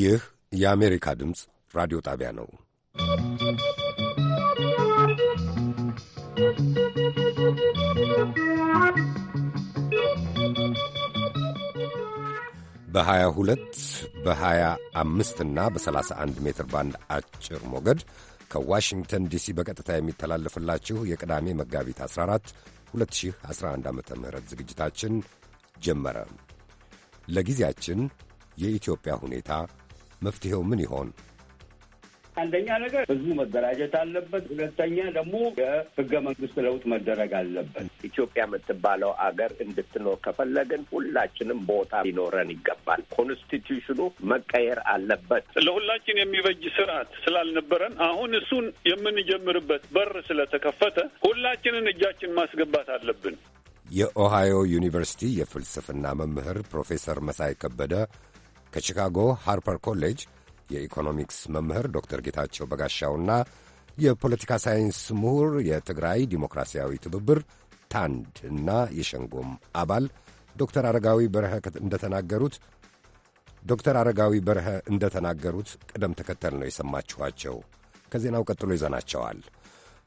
ይህ የአሜሪካ ድምፅ ራዲዮ ጣቢያ ነው። በ22 በ25 እና በ31 ሜትር ባንድ አጭር ሞገድ ከዋሽንግተን ዲሲ በቀጥታ የሚተላለፍላችሁ የቅዳሜ መጋቢት 14 2011 ዓ ም ዝግጅታችን ጀመረ። ለጊዜያችን የኢትዮጵያ ሁኔታ መፍትሔው ምን ይሆን አንደኛ ነገር ህዝቡ መደራጀት አለበት። ሁለተኛ ደግሞ የህገ መንግስት ለውጥ መደረግ አለበት። ኢትዮጵያ የምትባለው አገር እንድትኖር ከፈለግን ሁላችንም ቦታ ሊኖረን ይገባል። ኮንስቲትዩሽኑ መቀየር አለበት። ለሁላችን የሚበጅ ስርዓት ስላልነበረን አሁን እሱን የምንጀምርበት በር ስለተከፈተ ሁላችንን እጃችን ማስገባት አለብን። የኦሃዮ ዩኒቨርሲቲ የፍልስፍና መምህር ፕሮፌሰር መሳይ ከበደ ከቺካጎ ሃርፐር ኮሌጅ የኢኮኖሚክስ መምህር ዶክተር ጌታቸው በጋሻውና የፖለቲካ ሳይንስ ምሁር የትግራይ ዲሞክራሲያዊ ትብብር ታንድ እና የሸንጎም አባል ዶክተር አረጋዊ በረሀ እንደተናገሩት ዶክተር አረጋዊ በረሀ እንደተናገሩት ቅደም ተከተል ነው የሰማችኋቸው። ከዜናው ቀጥሎ ይዘናቸዋል።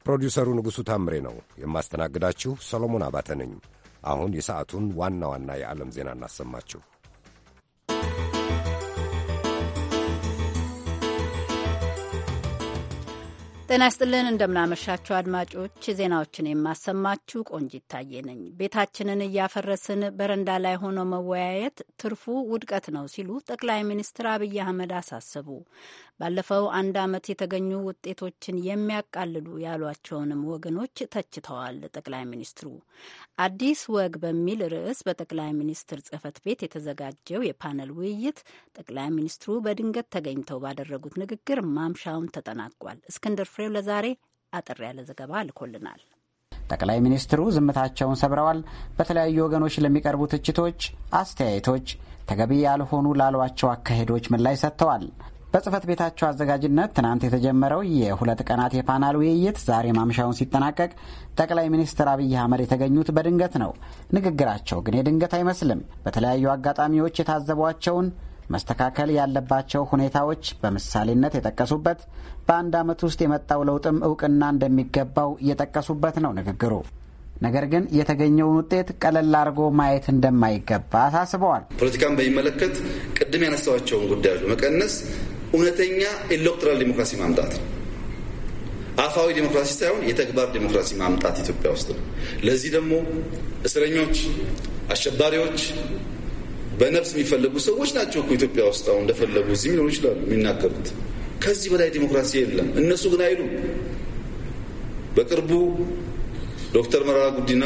ፕሮዲውሰሩ ንጉሡ ታምሬ ነው የማስተናግዳችሁ። ሰሎሞን አባተ ነኝ። አሁን የሰዓቱን ዋና ዋና የዓለም ዜና እናሰማችሁ። ጤና ይስጥልን እንደምናመሻችሁ አድማጮች፣ ዜናዎችን የማሰማችሁ ቆንጂት ታዬ ነኝ። ቤታችንን እያፈረስን በረንዳ ላይ ሆኖ መወያየት ትርፉ ውድቀት ነው ሲሉ ጠቅላይ ሚኒስትር አብይ አህመድ አሳሰቡ። ባለፈው አንድ ዓመት የተገኙ ውጤቶችን የሚያቃልሉ ያሏቸውንም ወገኖች ተችተዋል። ጠቅላይ ሚኒስትሩ አዲስ ወግ በሚል ርዕስ በጠቅላይ ሚኒስትር ጽህፈት ቤት የተዘጋጀው የፓነል ውይይት ጠቅላይ ሚኒስትሩ በድንገት ተገኝተው ባደረጉት ንግግር ማምሻውን ተጠናቋል። እስክንድር ፍሬው ለዛሬ አጠር ያለ ዘገባ ልኮልናል። ጠቅላይ ሚኒስትሩ ዝምታቸውን ሰብረዋል። በተለያዩ ወገኖች ለሚቀርቡ ትችቶች፣ አስተያየቶች ተገቢ ያልሆኑ ላሏቸው አካሄዶች ምላሽ ሰጥተዋል። በጽህፈት ቤታቸው አዘጋጅነት ትናንት የተጀመረው የሁለት ቀናት የፓናል ውይይት ዛሬ ማምሻውን ሲጠናቀቅ ጠቅላይ ሚኒስትር አብይ አህመድ የተገኙት በድንገት ነው። ንግግራቸው ግን የድንገት አይመስልም። በተለያዩ አጋጣሚዎች የታዘቧቸውን መስተካከል ያለባቸው ሁኔታዎች በምሳሌነት የጠቀሱበት፣ በአንድ ዓመት ውስጥ የመጣው ለውጥም እውቅና እንደሚገባው የጠቀሱበት ነው ንግግሩ። ነገር ግን የተገኘውን ውጤት ቀለል አድርጎ ማየት እንደማይገባ አሳስበዋል። ፖለቲካን በሚመለከት ቅድም ያነሳዋቸውን ጉዳዮች መቀነስ እውነተኛ ኤሌክቶራል ዲሞክራሲ ማምጣት ነው። አፋዊ ዲሞክራሲ ሳይሆን የተግባር ዲሞክራሲ ማምጣት ኢትዮጵያ ውስጥ ነው። ለዚህ ደግሞ እስረኞች፣ አሸባሪዎች፣ በነፍስ የሚፈለጉ ሰዎች ናቸው እኮ ኢትዮጵያ ውስጥ አሁን እንደፈለጉ እዚህ ሊሆኑ ይችላሉ የሚናገሩት። ከዚህ በላይ ዲሞክራሲ የለም። እነሱ ግን አይሉ። በቅርቡ ዶክተር መረራ ጉዲና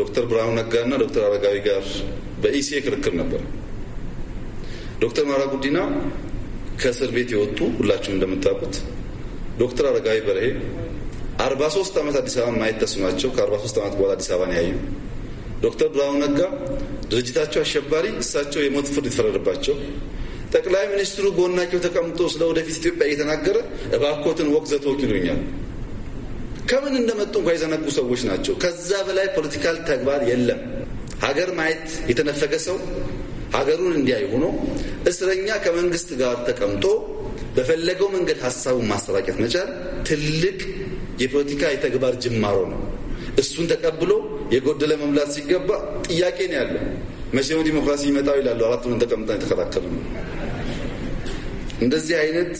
ዶክተር ብርሃኑ ነጋና ዶክተር አረጋዊ ጋር በኢሲኤ ክርክር ነበር። ዶክተር መረራ ጉዲና ከእስር ቤት የወጡ ሁላችሁም እንደምታውቁት ዶክተር አረጋዊ በርሄ አርባ ሶስት ዓመት አዲስ አበባ ማየት ተስኗቸው ከአርባ ሶስት ዓመት በኋላ አዲስ አበባን ያዩ ዶክተር ብርሃኑ ነጋ ድርጅታቸው አሸባሪ፣ እሳቸው የሞት ፍርድ የተፈረደባቸው ጠቅላይ ሚኒስትሩ ጎናቸው ተቀምጦ ስለ ወደፊት ኢትዮጵያ እየተናገረ እባኮትን ወቅዘት ወኪሉኛል ከምን እንደመጡ እንኳ የዘነጉ ሰዎች ናቸው። ከዛ በላይ ፖለቲካል ተግባር የለም። ሀገር ማየት የተነፈገ ሰው ሀገሩን እንዲያይ ሆኖ እስረኛ ከመንግስት ጋር ተቀምጦ በፈለገው መንገድ ሀሳቡን ማሰራጨት መቻል ትልቅ የፖለቲካ የተግባር ጅማሮ ነው። እሱን ተቀብሎ የጎደለ መሙላት ሲገባ ጥያቄ ነው ያለው። መቼ ነው ዲሞክራሲ ይመጣው ይላሉ። አራት ምን ተቀምጠን የተከራከሉ ነው። እንደዚህ አይነት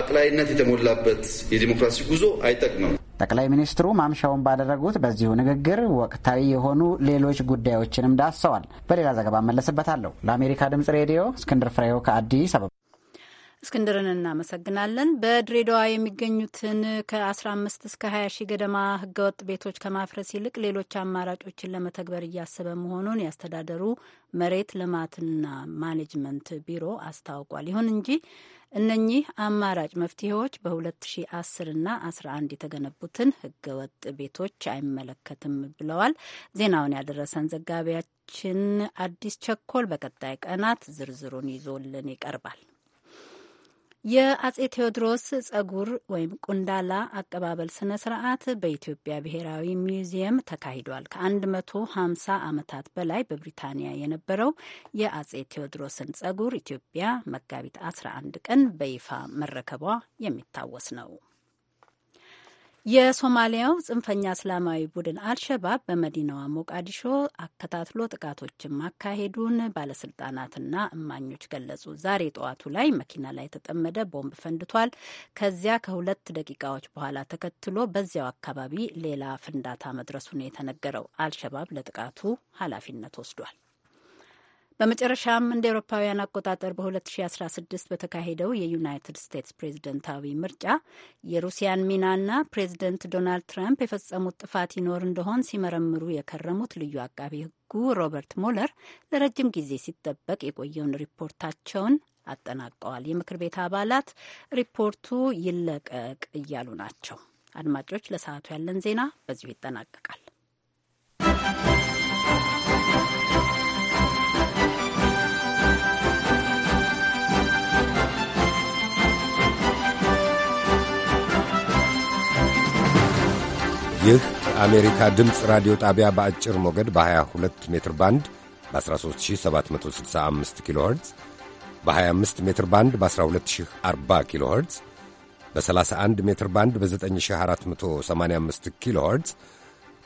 አቅላይነት የተሞላበት የዲሞክራሲ ጉዞ አይጠቅምም። ጠቅላይ ሚኒስትሩ ማምሻውን ባደረጉት በዚሁ ንግግር ወቅታዊ የሆኑ ሌሎች ጉዳዮችንም ዳሰዋል። በሌላ ዘገባ መለስበታለሁ። ለአሜሪካ ድምጽ ሬዲዮ እስክንድር ፍሬው ከአዲስ አበባ። እስክንድርን እናመሰግናለን። በድሬዳዋ የሚገኙትን ከ15 እስከ 20 ሺህ ገደማ ህገወጥ ቤቶች ከማፍረስ ይልቅ ሌሎች አማራጮችን ለመተግበር እያሰበ መሆኑን ያስተዳደሩ መሬት ልማትና ማኔጅመንት ቢሮ አስታውቋል። ይሁን እንጂ እነኚህ አማራጭ መፍትሄዎች በ2010 እና 11 የተገነቡትን ህገወጥ ቤቶች አይመለከትም ብለዋል። ዜናውን ያደረሰን ዘጋቢያችን አዲስ ቸኮል በቀጣይ ቀናት ዝርዝሩን ይዞልን ይቀርባል። የአጼ ቴዎድሮስ ጸጉር ወይም ቁንዳላ አቀባበል ስነ ስርዓት በኢትዮጵያ ብሔራዊ ሚውዚየም ተካሂዷል። ከ150 ዓመታት በላይ በብሪታንያ የነበረው የአጼ ቴዎድሮስን ጸጉር ኢትዮጵያ መጋቢት 11 ቀን በይፋ መረከቧ የሚታወስ ነው። የሶማሊያው ጽንፈኛ እስላማዊ ቡድን አልሸባብ በመዲናዋ ሞቃዲሾ አከታትሎ ጥቃቶችን ማካሄዱን ባለስልጣናትና እማኞች ገለጹ። ዛሬ ጠዋቱ ላይ መኪና ላይ የተጠመደ ቦምብ ፈንድቷል። ከዚያ ከሁለት ደቂቃዎች በኋላ ተከትሎ በዚያው አካባቢ ሌላ ፍንዳታ መድረሱ የተነገረው። አልሸባብ ለጥቃቱ ኃላፊነት ወስዷል። በመጨረሻም እንደ ኤሮፓውያን አቆጣጠር በ2016 በተካሄደው የዩናይትድ ስቴትስ ፕሬዝደንታዊ ምርጫ የሩሲያን ሚናና ፕሬዝደንት ዶናልድ ትራምፕ የፈጸሙት ጥፋት ይኖር እንደሆን ሲመረምሩ የከረሙት ልዩ አቃቢ ሕጉ ሮበርት ሞለር ለረጅም ጊዜ ሲጠበቅ የቆየውን ሪፖርታቸውን አጠናቀዋል። የምክር ቤት አባላት ሪፖርቱ ይለቀቅ እያሉ ናቸው። አድማጮች፣ ለሰዓቱ ያለን ዜና በዚሁ ይጠናቀቃል። ይህ የአሜሪካ ድምፅ ራዲዮ ጣቢያ በአጭር ሞገድ በ22 ሜትር ባንድ በ13765 ኪሎ ኸርትዝ በ25 ሜትር ባንድ በ1240 ኪሎ ኸርትዝ በ31 ሜትር ባንድ በ9485 ኪሎ ኸርትዝ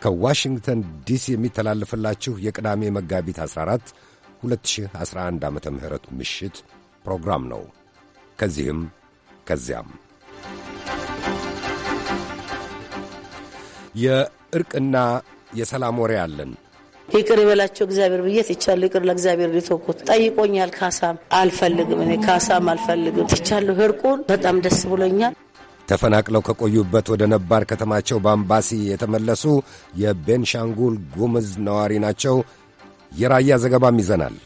ከዋሽንግተን ዲሲ የሚተላለፍላችሁ የቅዳሜ መጋቢት 14 2011 ዓ ም ምሽት ፕሮግራም ነው። ከዚህም ከዚያም የእርቅና የሰላም ወሬ አለን። ይቅር ይበላቸው እግዚአብሔር ብዬ ትቻለሁ። ይቅር ለእግዚአብሔር ሊተኩት ጠይቆኛል። ካሳም አልፈልግም፣ እኔ ካሳም አልፈልግም፣ ትቻለሁ። እርቁን በጣም ደስ ብሎኛል። ተፈናቅለው ከቆዩበት ወደ ነባር ከተማቸው በአምባሲ የተመለሱ የቤንሻንጉል ጉምዝ ነዋሪ ናቸው። የራያ ዘገባም ይዘናል።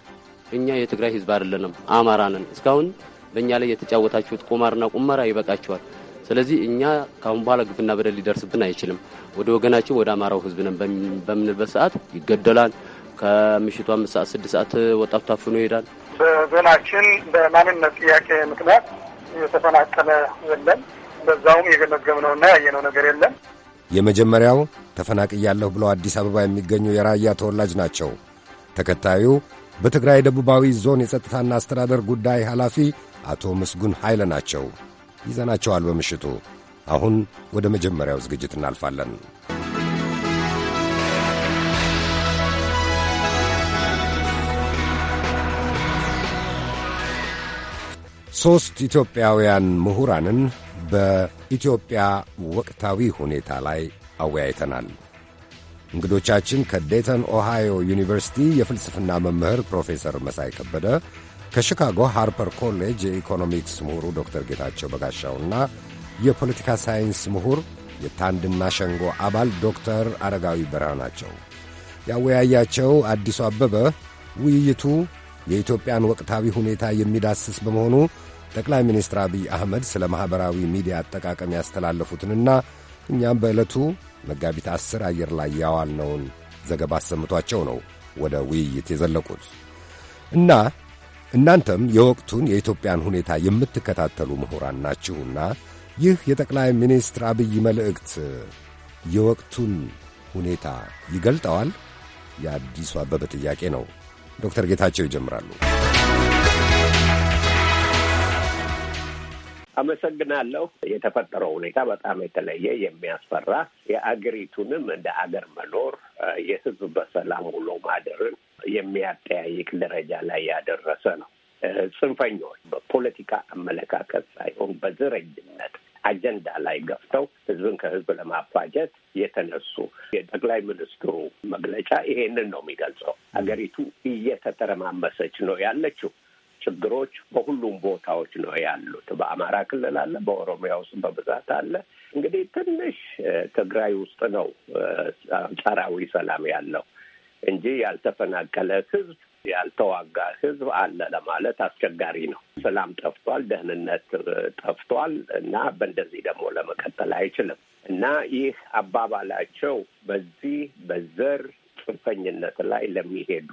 እኛ የትግራይ ህዝብ አይደለንም፣ አማራ ነን። እስካሁን በእኛ ላይ የተጫወታችሁት ቁማርና ቁመራ ይበቃችኋል። ስለዚህ እኛ ከአሁን በኋላ ግፍና በደል ሊደርስብን አይችልም። ወደ ወገናችን ወደ አማራው ህዝብ ነን በምንልበት ሰዓት ይገደላል። ከምሽቱ አምስት ሰዓት ስድስት ሰዓት ወጣቱ ታፍኖ ይሄዳል። በዞናችን በማንነት ጥያቄ ምክንያት የተፈናቀለ የለም። በዛውም የገመገምነውና ያየነው ነገር የለም። የመጀመሪያው ተፈናቅያለሁ ብለው አዲስ አበባ የሚገኙ የራያ ተወላጅ ናቸው። ተከታዩ በትግራይ ደቡባዊ ዞን የጸጥታና አስተዳደር ጉዳይ ኃላፊ አቶ ምስጉን ኃይለ ናቸው። ይዘናቸዋል በምሽቱ። አሁን ወደ መጀመሪያው ዝግጅት እናልፋለን። ሦስት ኢትዮጵያውያን ምሁራንን በኢትዮጵያ ወቅታዊ ሁኔታ ላይ አወያይተናል። እንግዶቻችን ከዴተን ኦሃዮ ዩኒቨርሲቲ የፍልስፍና መምህር ፕሮፌሰር መሳይ ከበደ፣ ከ ชิ ካጎ ሃርፐር ኮሌጅ የኢኮኖሚክስ ምሁሩ ዶክተር ጌታቸው በጋሻውና የፖለቲካ ሳይንስ ምሁር የታንድና ሸንጎ አባል ዶክተር አረጋዊ በርሃ ናቸው። ያወያያቸው አዲሱ አበበ። ውይይቱ የኢትዮጵያን ወቅታዊ ሁኔታ የሚዳስስ በመሆኑ ጠቅላይ ሚኒስትር አብይ አህመድ ስለ ማኅበራዊ ሚዲያ አጠቃቀም ያስተላለፉትንና እኛም በዕለቱ መጋቢት አስር አየር ላይ ያዋልነውን ዘገባ አሰምቷቸው ነው ወደ ውይይት የዘለቁት እና እናንተም የወቅቱን የኢትዮጵያን ሁኔታ የምትከታተሉ ምሁራን ናችሁና ይህ የጠቅላይ ሚኒስትር አብይ መልእክት የወቅቱን ሁኔታ ይገልጠዋል? የአዲሱ አበበ ጥያቄ ነው። ዶክተር ጌታቸው ይጀምራሉ። አመሰግናለሁ። የተፈጠረው ሁኔታ በጣም የተለየ የሚያስፈራ የአገሪቱንም እንደ አገር መኖር የሕዝብ በሰላም ውሎ ማደርን የሚያጠያይቅ ደረጃ ላይ ያደረሰ ነው። ጽንፈኞች በፖለቲካ አመለካከት ሳይሆን በዘረኝነት አጀንዳ ላይ ገፍተው ህዝብን ከህዝብ ለማፋጀት የተነሱ የጠቅላይ ሚኒስትሩ መግለጫ ይሄንን ነው የሚገልጸው። ሀገሪቱ እየተተረማመሰች ነው ያለችው። ችግሮች በሁሉም ቦታዎች ነው ያሉት። በአማራ ክልል አለ፣ በኦሮሚያ ውስጥ በብዛት አለ። እንግዲህ ትንሽ ትግራይ ውስጥ ነው አንጻራዊ ሰላም ያለው። እንጂ ያልተፈናቀለ ህዝብ ያልተዋጋ ህዝብ አለ ለማለት አስቸጋሪ ነው። ሰላም ጠፍቷል፣ ደህንነት ጠፍቷል እና በእንደዚህ ደግሞ ለመቀጠል አይችልም እና ይህ አባባላቸው በዚህ በዘር ጽንፈኝነት ላይ ለሚሄዱ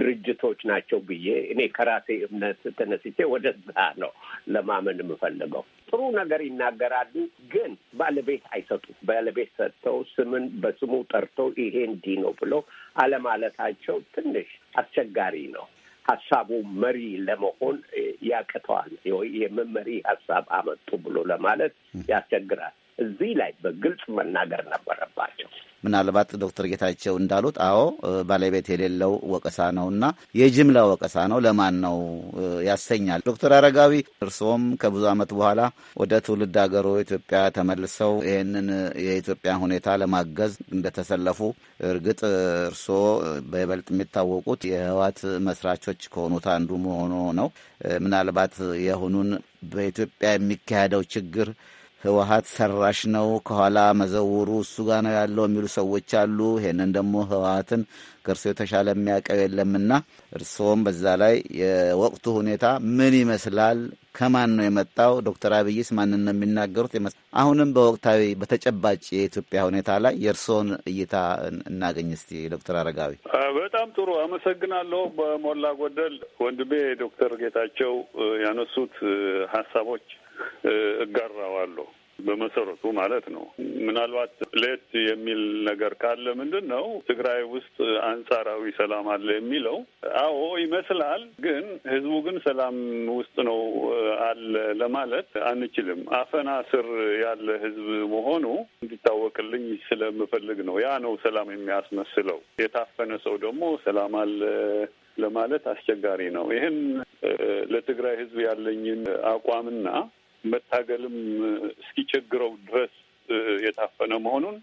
ድርጅቶች ናቸው ብዬ እኔ ከራሴ እምነት ተነስቼ ወደዛ ነው ለማመን የምፈልገው። ጥሩ ነገር ይናገራሉ፣ ግን ባለቤት አይሰጡም። ባለቤት ሰጥተው ስምን በስሙ ጠርተው ይሄ እንዲህ ነው ብለው አለማለታቸው ትንሽ አስቸጋሪ ነው። ሀሳቡ መሪ ለመሆን ያቅተዋል። የምን መሪ ሀሳብ አመጡ ብሎ ለማለት ያስቸግራል። እዚህ ላይ በግልጽ መናገር ነበረባቸው። ምናልባት ዶክተር ጌታቸው እንዳሉት አዎ ባለቤት የሌለው ወቀሳ ነው እና የጅምላ ወቀሳ ነው ለማን ነው ያሰኛል። ዶክተር አረጋዊ እርስዎም ከብዙ ዓመት በኋላ ወደ ትውልድ ሀገሩ ኢትዮጵያ ተመልሰው ይህንን የኢትዮጵያ ሁኔታ ለማገዝ እንደተሰለፉ እርግጥ እርስዎ በይበልጥ የሚታወቁት የህወሓት መስራቾች ከሆኑት አንዱ መሆኑ ነው። ምናልባት የሆኑን በኢትዮጵያ የሚካሄደው ችግር ህወሀት ሰራሽ ነው፣ ከኋላ መዘውሩ እሱ ጋር ነው ያለው የሚሉ ሰዎች አሉ። ይህንን ደግሞ ህወሀትን ከእርሶ የተሻለ የሚያውቀው የለምና እርስዎም በዛ ላይ የወቅቱ ሁኔታ ምን ይመስላል? ከማን ነው የመጣው? ዶክተር አብይስ ማንን ነው የሚናገሩት? አሁንም በወቅታዊ በተጨባጭ የኢትዮጵያ ሁኔታ ላይ የእርስዎን እይታ እናገኝ እስቲ። ዶክተር አረጋዊ በጣም ጥሩ አመሰግናለሁ። በሞላ ጎደል ወንድሜ ዶክተር ጌታቸው ያነሱት ሀሳቦች እጋራዋለሁ። በመሰረቱ ማለት ነው። ምናልባት ሌት የሚል ነገር ካለ ምንድን ነው ትግራይ ውስጥ አንጻራዊ ሰላም አለ የሚለው አዎ ይመስላል። ግን ህዝቡ ግን ሰላም ውስጥ ነው አለ ለማለት አንችልም። አፈና ስር ያለ ህዝብ መሆኑ እንዲታወቅልኝ ስለምፈልግ ነው። ያ ነው ሰላም የሚያስመስለው። የታፈነ ሰው ደግሞ ሰላም አለ ለማለት አስቸጋሪ ነው። ይህን ለትግራይ ህዝብ ያለኝን አቋምና መታገልም እስኪቸግረው ድረስ የታፈነ መሆኑን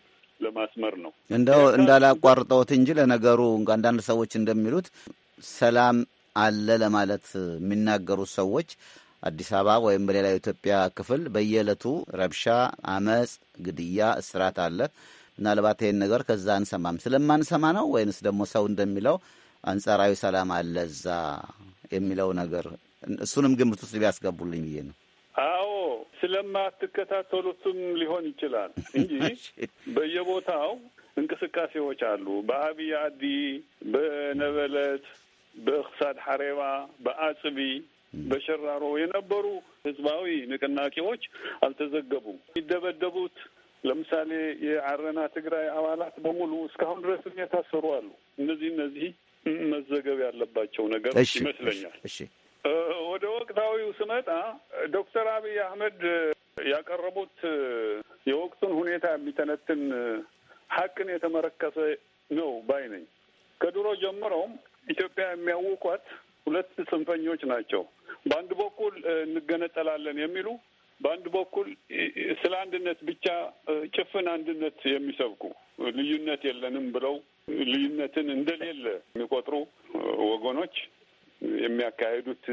ለማስመር ነው። እንደው እንዳላቋርጠውት እንጂ ለነገሩ አንዳንድ ሰዎች እንደሚሉት ሰላም አለ ለማለት የሚናገሩት ሰዎች አዲስ አበባ ወይም በሌላ የኢትዮጵያ ክፍል በየዕለቱ ረብሻ፣ አመፅ፣ ግድያ፣ እስራት አለ። ምናልባት ይህን ነገር ከዛ አንሰማም ስለማንሰማ ነው ወይንስ ደግሞ ሰው እንደሚለው አንጻራዊ ሰላም አለ እዛ የሚለው ነገር እሱንም ግምት ውስጥ ቢያስገቡልኝ ብዬ ነው። አዎ ስለማትከታተሉትም ሊሆን ይችላል እንጂ በየቦታው እንቅስቃሴዎች አሉ። በአብይ አዲ፣ በነበለት፣ በእክሳድ ሐሬባ፣ በአጽቢ፣ በሸራሮ የነበሩ ህዝባዊ ንቅናቄዎች አልተዘገቡም። የሚደበደቡት ለምሳሌ የአረና ትግራይ አባላት በሙሉ እስካሁን ድረስም የታሰሩ አሉ። እነዚህ እነዚህ መዘገብ ያለባቸው ነገር ይመስለኛል። ወደ ወቅታዊው ስመጣ ዶክተር አብይ አህመድ ያቀረቡት የወቅቱን ሁኔታ የሚተነትን ሀቅን የተመረከሰ ነው ባይ ነኝ። ከድሮ ጀምሮም ኢትዮጵያ የሚያውቋት ሁለት ጽንፈኞች ናቸው። በአንድ በኩል እንገነጠላለን የሚሉ፣ በአንድ በኩል ስለ አንድነት ብቻ ጭፍን አንድነት የሚሰብኩ ልዩነት የለንም ብለው ልዩነትን እንደሌለ የሚቆጥሩ ወገኖች የሚያካሄዱት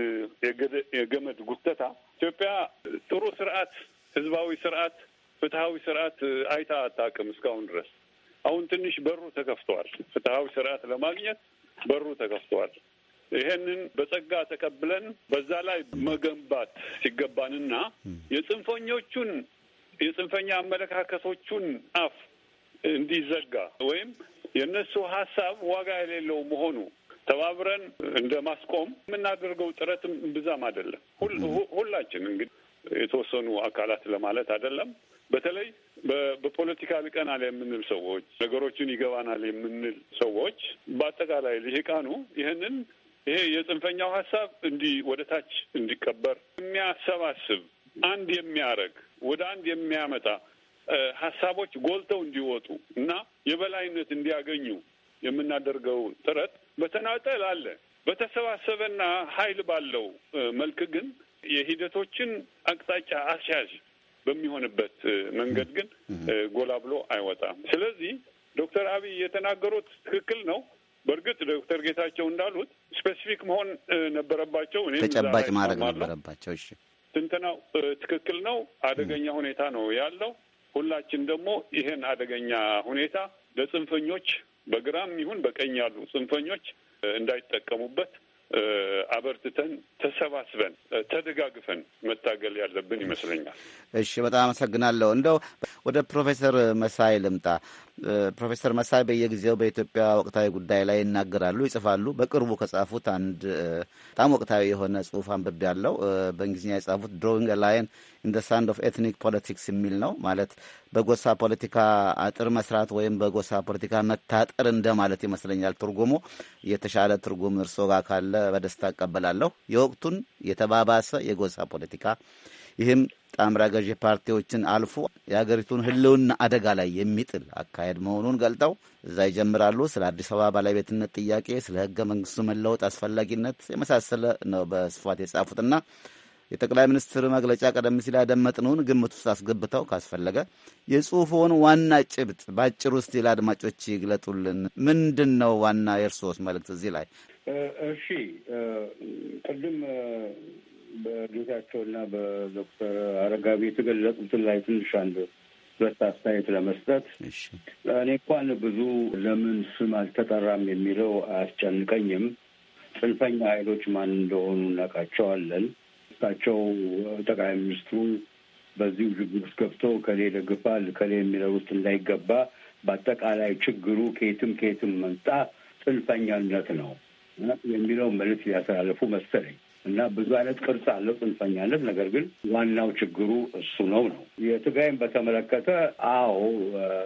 የገመድ ጉተታ ኢትዮጵያ ጥሩ ስርዓት፣ ህዝባዊ ስርዓት፣ ፍትሀዊ ስርዓት አይታ አታውቅም እስካሁን ድረስ። አሁን ትንሽ በሩ ተከፍተዋል። ፍትሀዊ ስርዓት ለማግኘት በሩ ተከፍተዋል። ይሄንን በጸጋ ተቀብለን በዛ ላይ መገንባት ሲገባንና የጽንፈኞቹን የጽንፈኛ አመለካከቶቹን አፍ እንዲዘጋ ወይም የእነሱ ሀሳብ ዋጋ የሌለው መሆኑ ተባብረን እንደ ማስቆም የምናደርገው ጥረትም ብዛም አይደለም። ሁላችን እንግዲህ የተወሰኑ አካላት ለማለት አይደለም። በተለይ በፖለቲካ ልቀናል የምንል ሰዎች፣ ነገሮችን ይገባናል የምንል ሰዎች፣ በአጠቃላይ ልሂቃኑ ይህንን ይሄ የጽንፈኛው ሀሳብ እንዲህ ወደ ታች እንዲቀበር የሚያሰባስብ አንድ የሚያረግ ወደ አንድ የሚያመጣ ሀሳቦች ጎልተው እንዲወጡ እና የበላይነት እንዲያገኙ የምናደርገው ጥረት በተናጠል አለ። በተሰባሰበና ኃይል ባለው መልክ ግን የሂደቶችን አቅጣጫ አስያዥ በሚሆንበት መንገድ ግን ጎላ ብሎ አይወጣም። ስለዚህ ዶክተር አብይ የተናገሩት ትክክል ነው። በእርግጥ ዶክተር ጌታቸው እንዳሉት ስፔሲፊክ መሆን ነበረባቸው። እኔ ተጨባጭ ማድረግ ነበረባቸው። እሺ ትንተናው ትክክል ነው። አደገኛ ሁኔታ ነው ያለው። ሁላችን ደግሞ ይህን አደገኛ ሁኔታ ለጽንፈኞች በግራም ይሁን በቀኝ ያሉ ጽንፈኞች እንዳይጠቀሙበት አበርትተን ተሰባስበን ተደጋግፈን መታገል ያለብን ይመስለኛል። እሺ፣ በጣም አመሰግናለሁ። እንደው ወደ ፕሮፌሰር መሳይ ልምጣ። ፕሮፌሰር መሳይ በየጊዜው በኢትዮጵያ ወቅታዊ ጉዳይ ላይ ይናገራሉ፣ ይጽፋሉ። በቅርቡ ከጻፉት አንድ በጣም ወቅታዊ የሆነ ጽሁፍ አንብብ ያለው በእንግሊዝኛ የጻፉት ድሮዊንግ ላይን ኢን ሳንድ ኦፍ ኤትኒክ ፖለቲክስ የሚል ነው። ማለት በጎሳ ፖለቲካ አጥር መስራት ወይም በጎሳ ፖለቲካ መታጠር እንደማለት ይመስለኛል ትርጉሙ። የተሻለ ትርጉም እርሶ ጋር ካለ በደስታ እቀበላለሁ። የወቅቱን የተባባሰ የጎሳ ፖለቲካ ይህም ጣምራ ገዢ ፓርቲዎችን አልፎ የሀገሪቱን ሕልውና አደጋ ላይ የሚጥል አካሄድ መሆኑን ገልጠው እዛ ይጀምራሉ። ስለ አዲስ አበባ ባለቤትነት ጥያቄ፣ ስለ ሕገ መንግስቱ መለወጥ አስፈላጊነት የመሳሰለ ነው በስፋት የጻፉትና የጠቅላይ ሚኒስትር መግለጫ ቀደም ሲል ያደመጥነውን ግምት ውስጥ አስገብተው ካስፈለገ የጽሁፎን ዋና ጭብጥ በአጭር ውስጥ ለአድማጮች ይግለጡልን። ምንድን ነው ዋና የእርስዎስ መልእክት እዚህ ላይ? እሺ ቅድም በጌታቸውና በዶክተር አረጋቢ የተገለጹትን ላይ ትንሽ አንድ ሁለት አስተያየት ለመስጠት እኔ እንኳን ብዙ ለምን ስም አልተጠራም የሚለው አያስጨንቀኝም። ጽንፈኛ ኃይሎች ማን እንደሆኑ እናውቃቸዋለን። እሳቸው ጠቅላይ ሚኒስትሩ በዚሁ ችግር ውስጥ ገብቶ ከሌ ደግፋል ከሌ የሚለው እንዳይገባ በአጠቃላይ ችግሩ ከየትም ከየትም መምጣ ጽንፈኛነት ነው የሚለው መልዕክት ሊያስተላልፉ መሰለኝ። እና ብዙ አይነት ቅርጽ አለው ጽንፈኛነት። ነገር ግን ዋናው ችግሩ እሱ ነው ነው የትግራይን በተመለከተ አዎ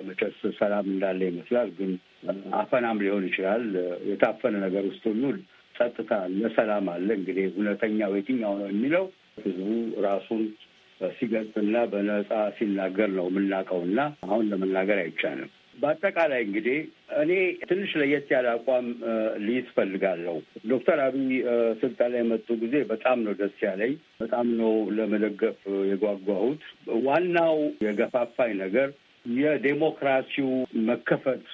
መቼስ ሰላም እንዳለ ይመስላል። ግን አፈናም ሊሆን ይችላል። የታፈነ ነገር ውስጥ ሁሉ ጸጥታ አለ፣ ሰላም አለ። እንግዲህ እውነተኛው የትኛው ነው የሚለው ህዝቡ ራሱን ሲገልጽና በነጻ ሲናገር ነው የምናውቀውና አሁን ለመናገር አይቻልም። በአጠቃላይ እንግዲህ እኔ ትንሽ ለየት ያለ አቋም ልይዝ ፈልጋለሁ። ዶክተር አብይ ስልጣን ላይ መጡ ጊዜ በጣም ነው ደስ ያለኝ፣ በጣም ነው ለመደገፍ የጓጓሁት። ዋናው የገፋፋኝ ነገር የዴሞክራሲው መከፈት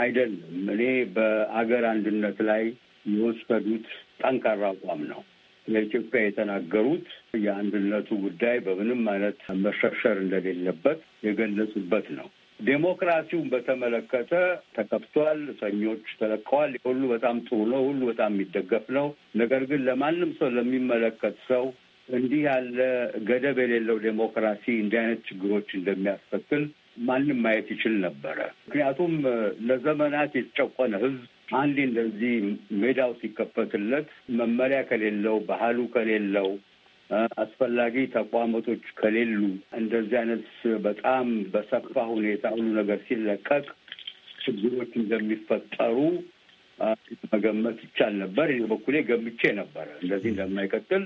አይደለም። እኔ በአገር አንድነት ላይ የወሰዱት ጠንካራ አቋም ነው። ለኢትዮጵያ የተናገሩት የአንድነቱ ጉዳይ በምንም አይነት መሸርሸር እንደሌለበት የገለጹበት ነው። ዴሞክራሲውን በተመለከተ ተከፍቷል። ሰኞች ተለቀዋል። ሁሉ በጣም ጥሩ ነው። ሁሉ በጣም የሚደገፍ ነው። ነገር ግን ለማንም ሰው ለሚመለከት ሰው እንዲህ ያለ ገደብ የሌለው ዴሞክራሲ እንዲህ አይነት ችግሮች እንደሚያስከትል ማንም ማየት ይችል ነበረ። ምክንያቱም ለዘመናት የተጨቆነ ህዝብ አንዴ እንደዚህ ሜዳው ሲከፈትለት መመሪያ ከሌለው ባህሉ ከሌለው አስፈላጊ ተቋማቶች ከሌሉ እንደዚህ አይነት በጣም በሰፋ ሁኔታ ሁሉ ነገር ሲለቀቅ ችግሮች እንደሚፈጠሩ መገመት ይቻል ነበር። ይህ በኩሌ ገምቼ ነበረ እንደዚህ እንደማይቀጥል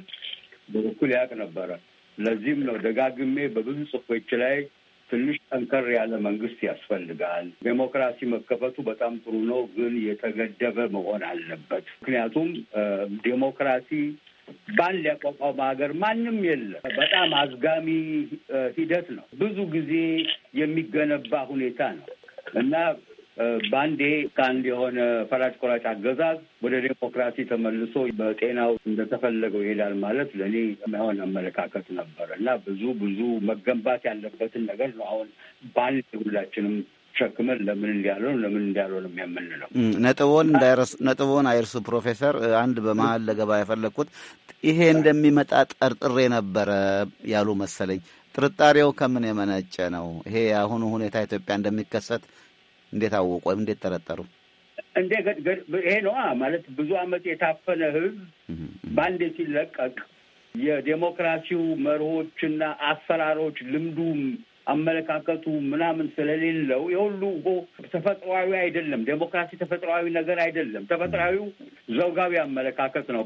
በበኩል ያውቅ ነበረ። ለዚህም ነው ደጋግሜ በብዙ ጽሁፎች ላይ ትንሽ ጠንከር ያለ መንግስት ያስፈልጋል። ዴሞክራሲ መከፈቱ በጣም ጥሩ ነው፣ ግን የተገደበ መሆን አለበት። ምክንያቱም ዴሞክራሲ ባንድ ሊያቋቋም ሀገር ማንም የለም። በጣም አዝጋሚ ሂደት ነው። ብዙ ጊዜ የሚገነባ ሁኔታ ነው እና በአንዴ ከአንድ የሆነ ፈራጭ ቆራጭ አገዛዝ ወደ ዴሞክራሲ ተመልሶ በጤናው እንደተፈለገው ይሄዳል ማለት ለእኔ የማይሆን አመለካከት ነበር እና ብዙ ብዙ መገንባት ያለበትን ነገር ነው አሁን ባል ሁላችንም ሸክመን ለምን እንዲያለን ለምን እንዲያልሆንም የምንለው ነጥቦን ነጥቦን አይርሱ። ፕሮፌሰር አንድ በመሀል ለገባ የፈለግኩት ይሄ እንደሚመጣ ጠርጥሬ ነበረ ያሉ መሰለኝ። ጥርጣሬው ከምን የመነጨ ነው? ይሄ የአሁኑ ሁኔታ ኢትዮጵያ እንደሚከሰት እንዴት አወቁ ወይም እንዴት ጠረጠሩ? እንዴ ይሄ ነዋ ማለት ብዙ አመት የታፈነ ህዝብ በአንዴ ሲለቀቅ የዴሞክራሲው መርሆችና አሰራሮች ልምዱም አመለካከቱ ምናምን ስለሌለው የሁሉ ተፈጥሯዊ አይደለም። ዴሞክራሲ ተፈጥሯዊ ነገር አይደለም። ተፈጥሯዊው ዘውጋዊ አመለካከት ነው።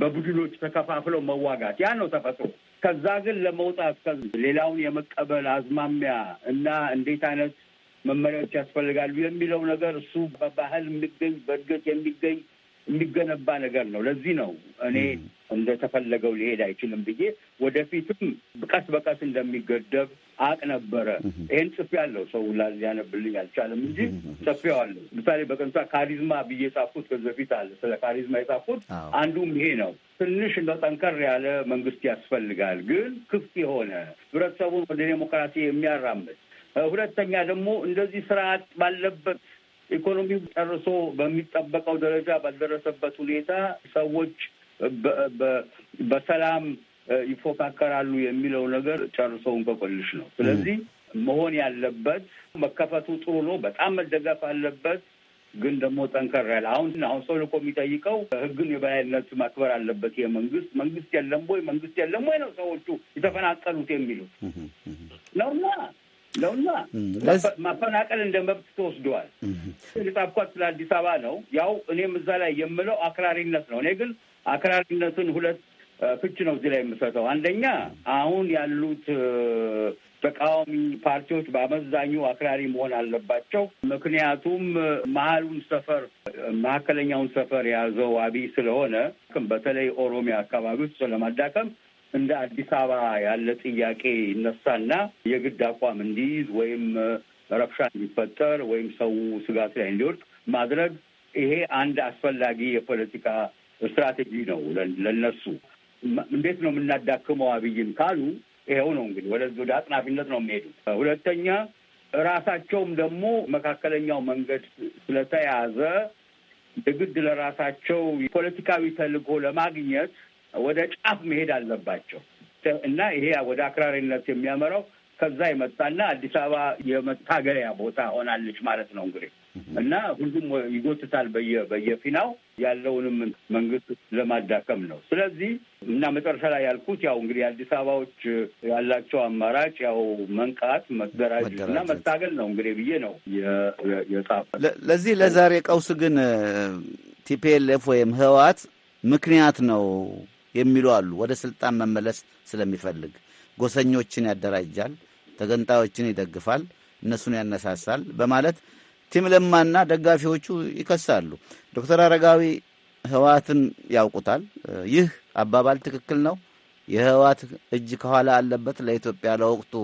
በቡድኖች ተከፋፍለው መዋጋት ያ ነው ተፈጥሮ። ከዛ ግን ለመውጣት ሌላውን የመቀበል አዝማሚያ እና እንዴት አይነት መመሪያዎች ያስፈልጋሉ የሚለው ነገር እሱ በባህል የሚገኝ በእድገት የሚገኝ የሚገነባ ነገር ነው። ለዚህ ነው እኔ እንደተፈለገው ሊሄድ አይችልም ብዬ ወደፊትም ቀስ በቀስ እንደሚገደብ አቅ ነበረ። ይሄን ጽፌያለሁ። ሰው ላዚህ ያነብልኝ አልቻለም እንጂ ጽፌዋለሁ። ምሳሌ በቀንሷ ካሪዝማ ብዬ የጻፉት ከዚህ በፊት አለ። ስለ ካሪዝማ የጻፍኩት አንዱም ይሄ ነው። ትንሽ እንደ ጠንከር ያለ መንግስት ያስፈልጋል፣ ግን ክፍት የሆነ ህብረተሰቡን ወደ ዴሞክራሲ የሚያራምድ ሁለተኛ ደግሞ እንደዚህ ስርዓት ባለበት ኢኮኖሚ ጨርሶ በሚጠበቀው ደረጃ ባልደረሰበት ሁኔታ ሰዎች በሰላም ይፎካከራሉ የሚለው ነገር ጨርሰውን በቆልሽ ነው። ስለዚህ መሆን ያለበት መከፈቱ ጥሩ ነው፣ በጣም መደገፍ አለበት። ግን ደግሞ ጠንከር ያለ አሁን አሁን ሰው ልኮ የሚጠይቀው ህግን የበላይነት ማክበር አለበት። ይሄ መንግስት መንግስት የለም ወይ መንግስት የለም ወይ ነው ሰዎቹ የተፈናቀሉት የሚሉት ነውና ነውና ማፈናቀል እንደ መብት ተወስደዋል። የጻፍኳት ስለ አዲስ አበባ ነው። ያው እኔም እዛ ላይ የምለው አክራሪነት ነው። እኔ ግን አክራሪነትን ሁለት ፍች ነው እዚህ ላይ የምሰጠው። አንደኛ አሁን ያሉት ተቃዋሚ ፓርቲዎች በአመዛኙ አክራሪ መሆን አለባቸው። ምክንያቱም መሀሉን ሰፈር መካከለኛውን ሰፈር የያዘው አብይ ስለሆነ በተለይ ኦሮሚያ አካባቢ ውስጥ ለማዳከም እንደ አዲስ አበባ ያለ ጥያቄ ይነሳና የግድ አቋም እንዲይዝ ወይም ረብሻ እንዲፈጠር ወይም ሰው ስጋት ላይ እንዲወድቅ ማድረግ ይሄ አንድ አስፈላጊ የፖለቲካ ስትራቴጂ ነው ለነሱ። እንዴት ነው የምናዳክመው አብይን ካሉ ይኸው ነው እንግዲህ ወደ ወደ አጥናፊነት ነው የሚሄዱት። ሁለተኛ ራሳቸውም ደግሞ መካከለኛው መንገድ ስለተያዘ የግድ ለራሳቸው ፖለቲካዊ ተልእኮ ለማግኘት ወደ ጫፍ መሄድ አለባቸው እና ይሄ ወደ አክራሪነት የሚያመራው ከዛ የመጣና አዲስ አበባ የመታገሪያ ቦታ ሆናለች ማለት ነው እንግዲህ እና ሁሉም ይጎትታል በየፊናው ያለውንም መንግስት ለማዳከም ነው። ስለዚህ እና መጨረሻ ላይ ያልኩት ያው እንግዲህ አዲስ አበባዎች ያላቸው አማራጭ ያው መንቃት፣ መደራጀት እና መታገል ነው እንግዲህ ብዬ ነው የጻፈ። ለዚህ ለዛሬ ቀውስ ግን ቲፒኤልኤፍ ወይም ህወሓት ምክንያት ነው የሚሉ አሉ። ወደ ስልጣን መመለስ ስለሚፈልግ ጎሰኞችን ያደራጃል፣ ተገንጣዮችን ይደግፋል፣ እነሱን ያነሳሳል በማለት ቲም ለማና ደጋፊዎቹ ይከሳሉ። ዶክተር አረጋዊ ህወሓትን ያውቁታል። ይህ አባባል ትክክል ነው? የህወሓት እጅ ከኋላ አለበት ለኢትዮጵያ ለወቅቱ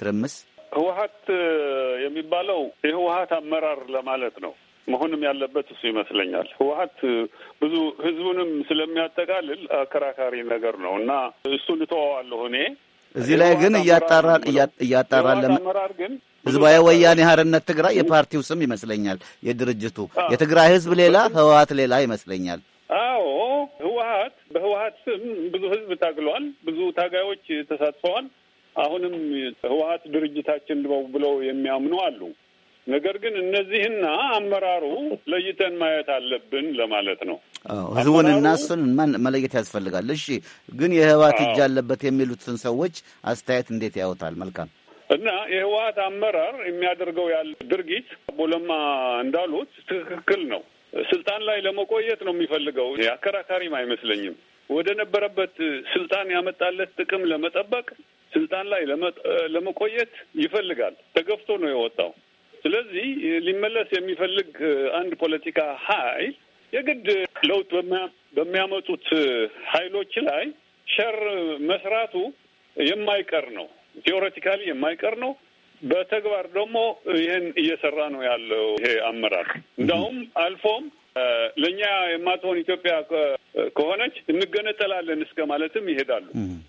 ትርምስ? ህወሓት የሚባለው የህወሓት አመራር ለማለት ነው። መሆንም ያለበት እሱ ይመስለኛል። ህወሓት ብዙ ህዝቡንም ስለሚያጠቃልል አከራካሪ ነገር ነው እና እሱን እተወዋለሁ እኔ እዚህ ላይ ግን እያጣራ እያጣራ ለመራር ግን ህዝባዊ ወያኔ ሀርነት ትግራይ የፓርቲው ስም ይመስለኛል፣ የድርጅቱ የትግራይ ህዝብ ሌላ፣ ህወሀት ሌላ ይመስለኛል። አዎ ህወሀት በህወሀት ስም ብዙ ህዝብ ታግሏል፣ ብዙ ታጋዮች ተሳትፈዋል። አሁንም ህወሀት ድርጅታችን ድበው ብለው የሚያምኑ አሉ። ነገር ግን እነዚህና አመራሩ ለይተን ማየት አለብን ለማለት ነው። ህዝቡንና እሱን መለየት ያስፈልጋል። እሺ፣ ግን የህወሀት እጅ አለበት የሚሉትን ሰዎች አስተያየት እንዴት ያውታል? መልካም እና የህወሀት አመራር የሚያደርገው ያለ ድርጊት ቦለማ እንዳሉት ትክክል ነው። ስልጣን ላይ ለመቆየት ነው የሚፈልገው። አከራካሪም አይመስለኝም። ወደ ነበረበት ስልጣን ያመጣለት ጥቅም ለመጠበቅ ስልጣን ላይ ለመቆየት ይፈልጋል። ተገፍቶ ነው የወጣው። ስለዚህ ሊመለስ የሚፈልግ አንድ ፖለቲካ ሀይል የግድ ለውጥ በሚያመጡት ኃይሎች ላይ ሸር መስራቱ የማይቀር ነው። ቴዎሬቲካሊ የማይቀር ነው። በተግባር ደግሞ ይህን እየሰራ ነው ያለው ይሄ አመራር። እንዳውም አልፎም ለእኛ የማትሆን ኢትዮጵያ ከሆነች እንገነጠላለን እስከ ማለትም ይሄዳሉ።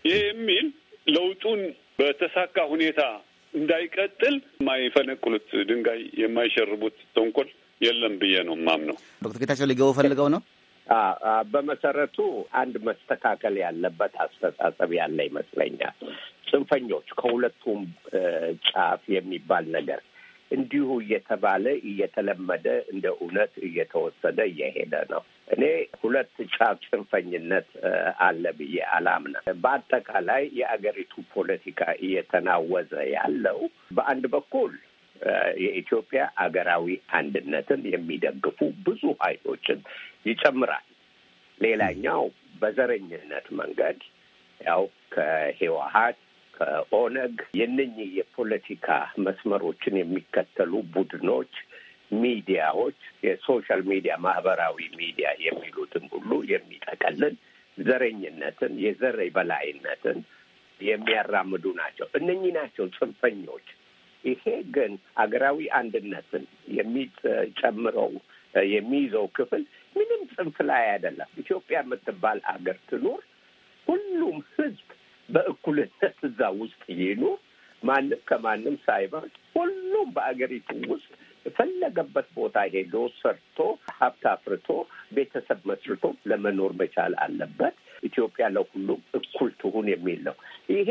ይሄ የሚል ለውጡን በተሳካ ሁኔታ እንዳይቀጥል የማይፈነቅሉት ድንጋይ የማይሸርቡት ተንኮል የለም ብዬ ነው የማምነው። ዶክተር ጌታቸው ሊገቡ ፈልገው ነው። በመሰረቱ አንድ መስተካከል ያለበት አስተሳሰብ ያለ ይመስለኛል። ጽንፈኞች ከሁለቱም ጫፍ የሚባል ነገር እንዲሁ እየተባለ እየተለመደ እንደ እውነት እየተወሰደ እየሄደ ነው። እኔ ሁለት ጫፍ ጽንፈኝነት አለ ብዬ አላምነ። በአጠቃላይ የአገሪቱ ፖለቲካ እየተናወዘ ያለው በአንድ በኩል የኢትዮጵያ አገራዊ አንድነትን የሚደግፉ ብዙ ኃይሎችን ይጨምራል። ሌላኛው በዘረኝነት መንገድ ያው ከህወሀት ከኦነግ የነኚህ የፖለቲካ መስመሮችን የሚከተሉ ቡድኖች ሚዲያዎች፣ የሶሻል ሚዲያ ማህበራዊ ሚዲያ የሚሉትን ሁሉ የሚጠቀልል ዘረኝነትን፣ የዘር የበላይነትን የሚያራምዱ ናቸው። እነኚህ ናቸው ጽንፈኞች። ይሄ ግን አገራዊ አንድነትን የሚጨምረው የሚይዘው ክፍል ምንም ጽንፍ ላይ አይደለም። ኢትዮጵያ የምትባል አገር ትኑር፣ ሁሉም ህዝብ እኩልነት እዛ ውስጥ ይኑር። ማንም ከማንም ሳይበልጥ ሁሉም በአገሪቱ ውስጥ የፈለገበት ቦታ ሄዶ ሰርቶ ሀብት አፍርቶ ቤተሰብ መስርቶ ለመኖር መቻል አለበት። ኢትዮጵያ ለሁሉም እኩል ትሁን የሚል ነው። ይሄ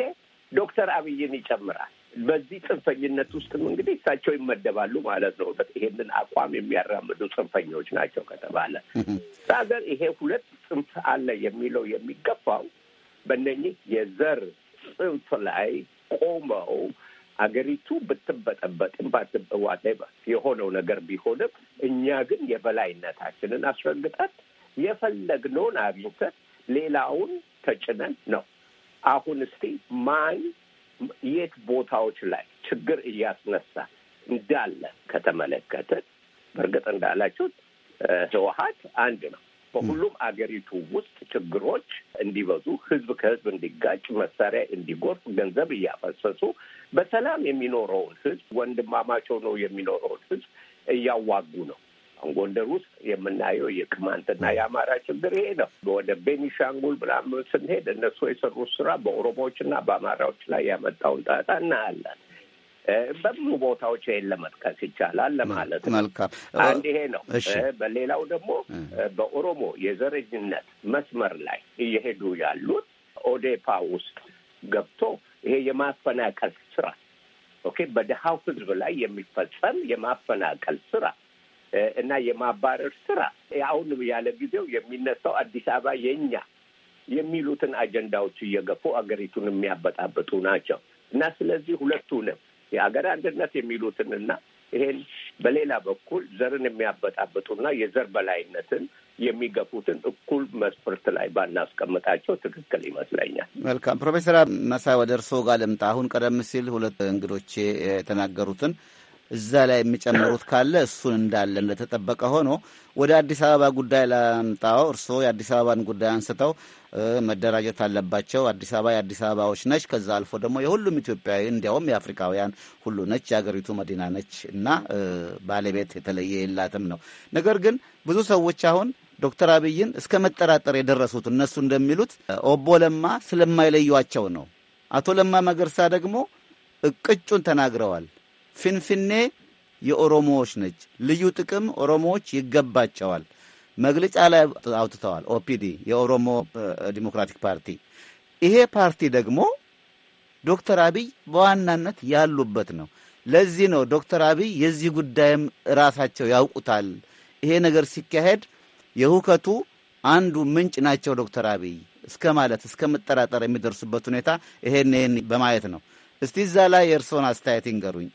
ዶክተር አብይን ይጨምራል። በዚህ ጽንፈኝነት ውስጥም እንግዲህ እሳቸው ይመደባሉ ማለት ነው። ይሄንን አቋም የሚያራምዱ ጽንፈኞች ናቸው ከተባለ ሀገር ይሄ ሁለት ጽንፍ አለ የሚለው የሚገፋው በእነኚህ የዘር ጽንፍ ላይ ቆመው አገሪቱ ብትበጠበጥም ባትዋደበ የሆነው ነገር ቢሆንም እኛ ግን የበላይነታችንን አስረግጠን የፈለግነውን አግኝተን ሌላውን ተጭነን ነው። አሁን እስቲ ማን የት ቦታዎች ላይ ችግር እያስነሳ እንዳለ ከተመለከትን፣ በእርግጥ እንዳላችሁት ህወሀት አንድ ነው። በሁሉም አገሪቱ ውስጥ ችግሮች እንዲበዙ፣ ህዝብ ከህዝብ እንዲጋጭ፣ መሳሪያ እንዲጎርፍ ገንዘብ እያፈሰሱ በሰላም የሚኖረውን ህዝብ ወንድማማቸው ነው የሚኖረውን ህዝብ እያዋጉ ነው። ጎንደር ውስጥ የምናየው የቅማንትና የአማራ ችግር ይሄ ነው። ወደ ቤኒሻንጉል ምናምን ስንሄድ እነሱ የሰሩት ስራ በኦሮሞዎችና በአማራዎች ላይ ያመጣውን ጣጣ እናያለን። በብዙ ቦታዎች ይሄን ለመጥቀስ ይቻላል ለማለት ነው። አንድ ይሄ ነው። በሌላው ደግሞ በኦሮሞ የዘረኝነት መስመር ላይ እየሄዱ ያሉት ኦዴፓ ውስጥ ገብቶ ይሄ የማፈናቀል ስራ ኦኬ፣ በድሀው ህዝብ ላይ የሚፈጸም የማፈናቀል ስራ እና የማባረር ስራ አሁን ያለ ጊዜው የሚነሳው አዲስ አበባ የኛ የሚሉትን አጀንዳዎች እየገፉ አገሪቱን የሚያበጣብጡ ናቸው እና ስለዚህ ሁለቱንም የሀገር አንድነት የሚሉትንና ይሄን በሌላ በኩል ዘርን የሚያበጣብጡና የዘር በላይነትን የሚገፉትን እኩል መስፈርት ላይ ባናስቀምጣቸው ትክክል ይመስለኛል። መልካም ፕሮፌሰር መሳይ ወደ እርስዎ ጋር ልምጣ። አሁን ቀደም ሲል ሁለት እንግዶቼ የተናገሩትን እዛ ላይ የሚጨምሩት ካለ እሱን እንዳለ እንደተጠበቀ ሆኖ ወደ አዲስ አበባ ጉዳይ ላምጣው። እርስዎ የአዲስ አበባን ጉዳይ አንስተው መደራጀት አለባቸው። አዲስ አበባ የአዲስ አበባዎች ነች። ከዛ አልፎ ደግሞ የሁሉም ኢትዮጵያዊ እንዲያውም የአፍሪካውያን ሁሉ ነች፣ የአገሪቱ መዲና ነች እና ባለቤት የተለየ የላትም ነው። ነገር ግን ብዙ ሰዎች አሁን ዶክተር አብይን እስከ መጠራጠር የደረሱት እነሱ እንደሚሉት ኦቦ ለማ ስለማይለዩቸው ነው። አቶ ለማ መገርሳ ደግሞ እቅጩን ተናግረዋል። ፊንፊኔ የኦሮሞዎች ነች። ልዩ ጥቅም ኦሮሞዎች ይገባቸዋል። መግለጫ ላይ አውጥተዋል። ኦፒዲ የኦሮሞ ዲሞክራቲክ ፓርቲ። ይሄ ፓርቲ ደግሞ ዶክተር አብይ በዋናነት ያሉበት ነው። ለዚህ ነው ዶክተር አብይ የዚህ ጉዳይም ራሳቸው ያውቁታል። ይሄ ነገር ሲካሄድ የሁከቱ አንዱ ምንጭ ናቸው ዶክተር አብይ እስከ ማለት እስከ መጠራጠር የሚደርሱበት ሁኔታ ይሄን ይህን በማየት ነው። እስቲ እዛ ላይ የእርስዎን አስተያየት ይንገሩኝ።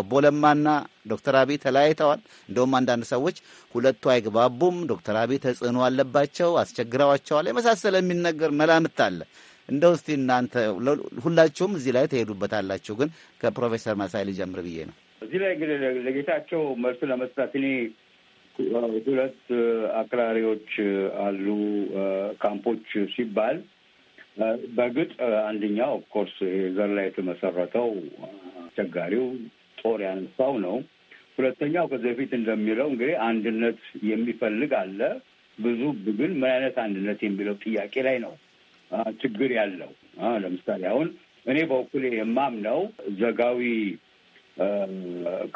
ኦቦ ለማና ዶክተር አብይ ተለያይተዋል። እንደውም አንዳንድ ሰዎች ሁለቱ አይግባቡም፣ ዶክተር አብይ ተጽዕኖ አለባቸው፣ አስቸግረዋቸዋል የመሳሰለ የሚነገር መላምት አለ። እንደው እስቲ እናንተ ሁላችሁም እዚህ ላይ ተሄዱበታላችሁ፣ ግን ከፕሮፌሰር መሳይ ልጀምር ብዬ ነው። እዚህ ላይ እንግዲህ ለጌታቸው መልሱ ለመስጠት እኔ ሁለት አክራሪዎች አሉ ካምፖች ሲባል በእርግጥ አንደኛው ኦፍኮርስ ዘር ላይ የተመሰረተው አስቸጋሪው ጦር ያነሳው ነው። ሁለተኛው ከዚህ በፊት እንደሚለው እንግዲህ አንድነት የሚፈልግ አለ። ብዙ ግን ምን አይነት አንድነት የሚለው ጥያቄ ላይ ነው ችግር ያለው። ለምሳሌ አሁን እኔ በኩል የማምነው ዘጋዊ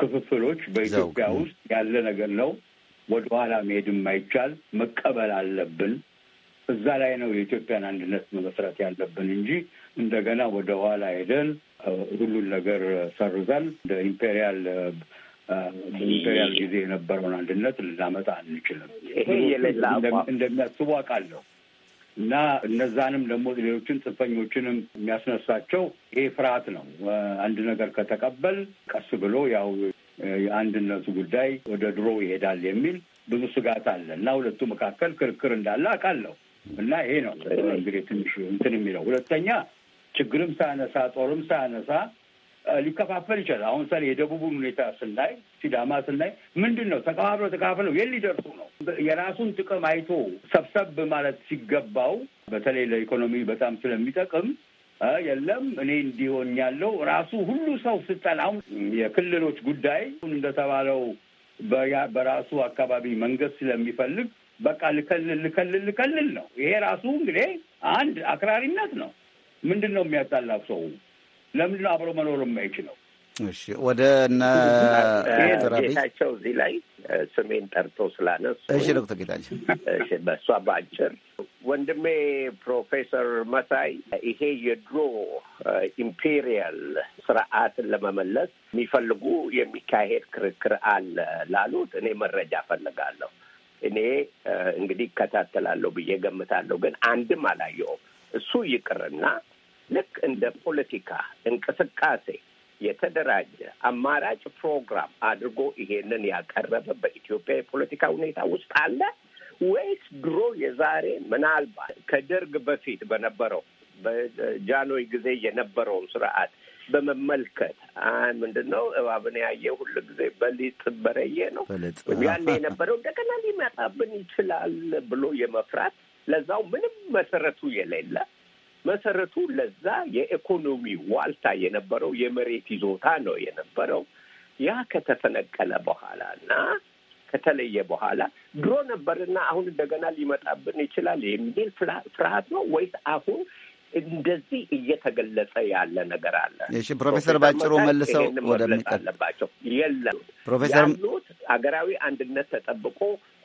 ክፍፍሎች በኢትዮጵያ ውስጥ ያለ ነገር ነው። ወደኋላ መሄድ የማይቻል መቀበል አለብን። እዛ ላይ ነው የኢትዮጵያን አንድነት መመስረት ያለብን እንጂ እንደገና ወደ ኋላ ሄደን ሁሉን ነገር ሰርዘን እንደ ኢምፔሪያል በኢምፔሪያል ጊዜ የነበረውን አንድነት ልናመጣ አንችልም። ይሄ የሌላ እንደሚያስቡ አውቃለሁ እና እነዛንም ደግሞ ሌሎችን ጽንፈኞችንም የሚያስነሳቸው ይሄ ፍርሃት ነው። አንድ ነገር ከተቀበል ቀስ ብሎ ያው የአንድነቱ ጉዳይ ወደ ድሮ ይሄዳል የሚል ብዙ ስጋት አለ እና ሁለቱ መካከል ክርክር እንዳለ አውቃለሁ እና ይሄ ነው እንግዲህ ትንሽ እንትን የሚለው ሁለተኛ ችግርም ሳነሳ ጦርም ሳነሳ ሊከፋፈል ይችላል። አሁን ምሳሌ የደቡቡን ሁኔታ ስናይ፣ ሲዳማ ስናይ ምንድን ነው ተከፋፍለው ተከፋፍለው የት ሊደርሱ ነው? የራሱን ጥቅም አይቶ ሰብሰብ ማለት ሲገባው በተለይ ለኢኮኖሚ በጣም ስለሚጠቅም የለም እኔ እንዲሆን ያለው ራሱ ሁሉ ሰው ስልጣን አሁን የክልሎች ጉዳይ እንደተባለው በራሱ አካባቢ መንገስ ስለሚፈልግ በቃ ልከልል ልከልል ልከልል ነው። ይሄ ራሱ እንግዲህ አንድ አክራሪነት ነው። ምንድን ነው የሚያጣላ ሰው? ለምንድን ነው አብሮ መኖር የማይችለው? እሺ ወደ እነ ጌታቸው እዚህ ላይ ስሜን ጠርቶ ስላነሱ፣ እሺ ዶክተር ጌታቸው በእሷ በአጭር ወንድሜ ፕሮፌሰር መሳይ ይሄ የድሮ ኢምፔሪያል ስርዓትን ለመመለስ የሚፈልጉ የሚካሄድ ክርክር አለ ላሉት እኔ መረጃ ፈልጋለሁ። እኔ እንግዲህ እከታተላለሁ ብዬ ገምታለሁ፣ ግን አንድም አላየውም። እሱ ይቅርና ልክ እንደ ፖለቲካ እንቅስቃሴ የተደራጀ አማራጭ ፕሮግራም አድርጎ ይሄንን ያቀረበ በኢትዮጵያ የፖለቲካ ሁኔታ ውስጥ አለ ወይስ ድሮ የዛሬ ምናልባት ከደርግ በፊት በነበረው በጃንሆይ ጊዜ የነበረውን ስርዓት በመመልከት ምንድን ነው እባብን ያየ ሁሉ ጊዜ በሊጥ በረየ ነው ያለ የነበረው እንደገና ሊመጣብን ይችላል ብሎ የመፍራት ለዛው ምንም መሰረቱ የሌለ መሰረቱ ለዛ የኢኮኖሚ ዋልታ የነበረው የመሬት ይዞታ ነው የነበረው። ያ ከተፈነቀለ በኋላ እና ከተለየ በኋላ ድሮ ነበርና አሁን እንደገና ሊመጣብን ይችላል የሚል ፍርሃት ነው ወይስ አሁን እንደዚህ እየተገለጸ ያለ ነገር አለ? እሺ ፕሮፌሰር ባጭሩ መልሰው ወደሚቀ አለባቸው የለም ያሉት አገራዊ አንድነት ተጠብቆ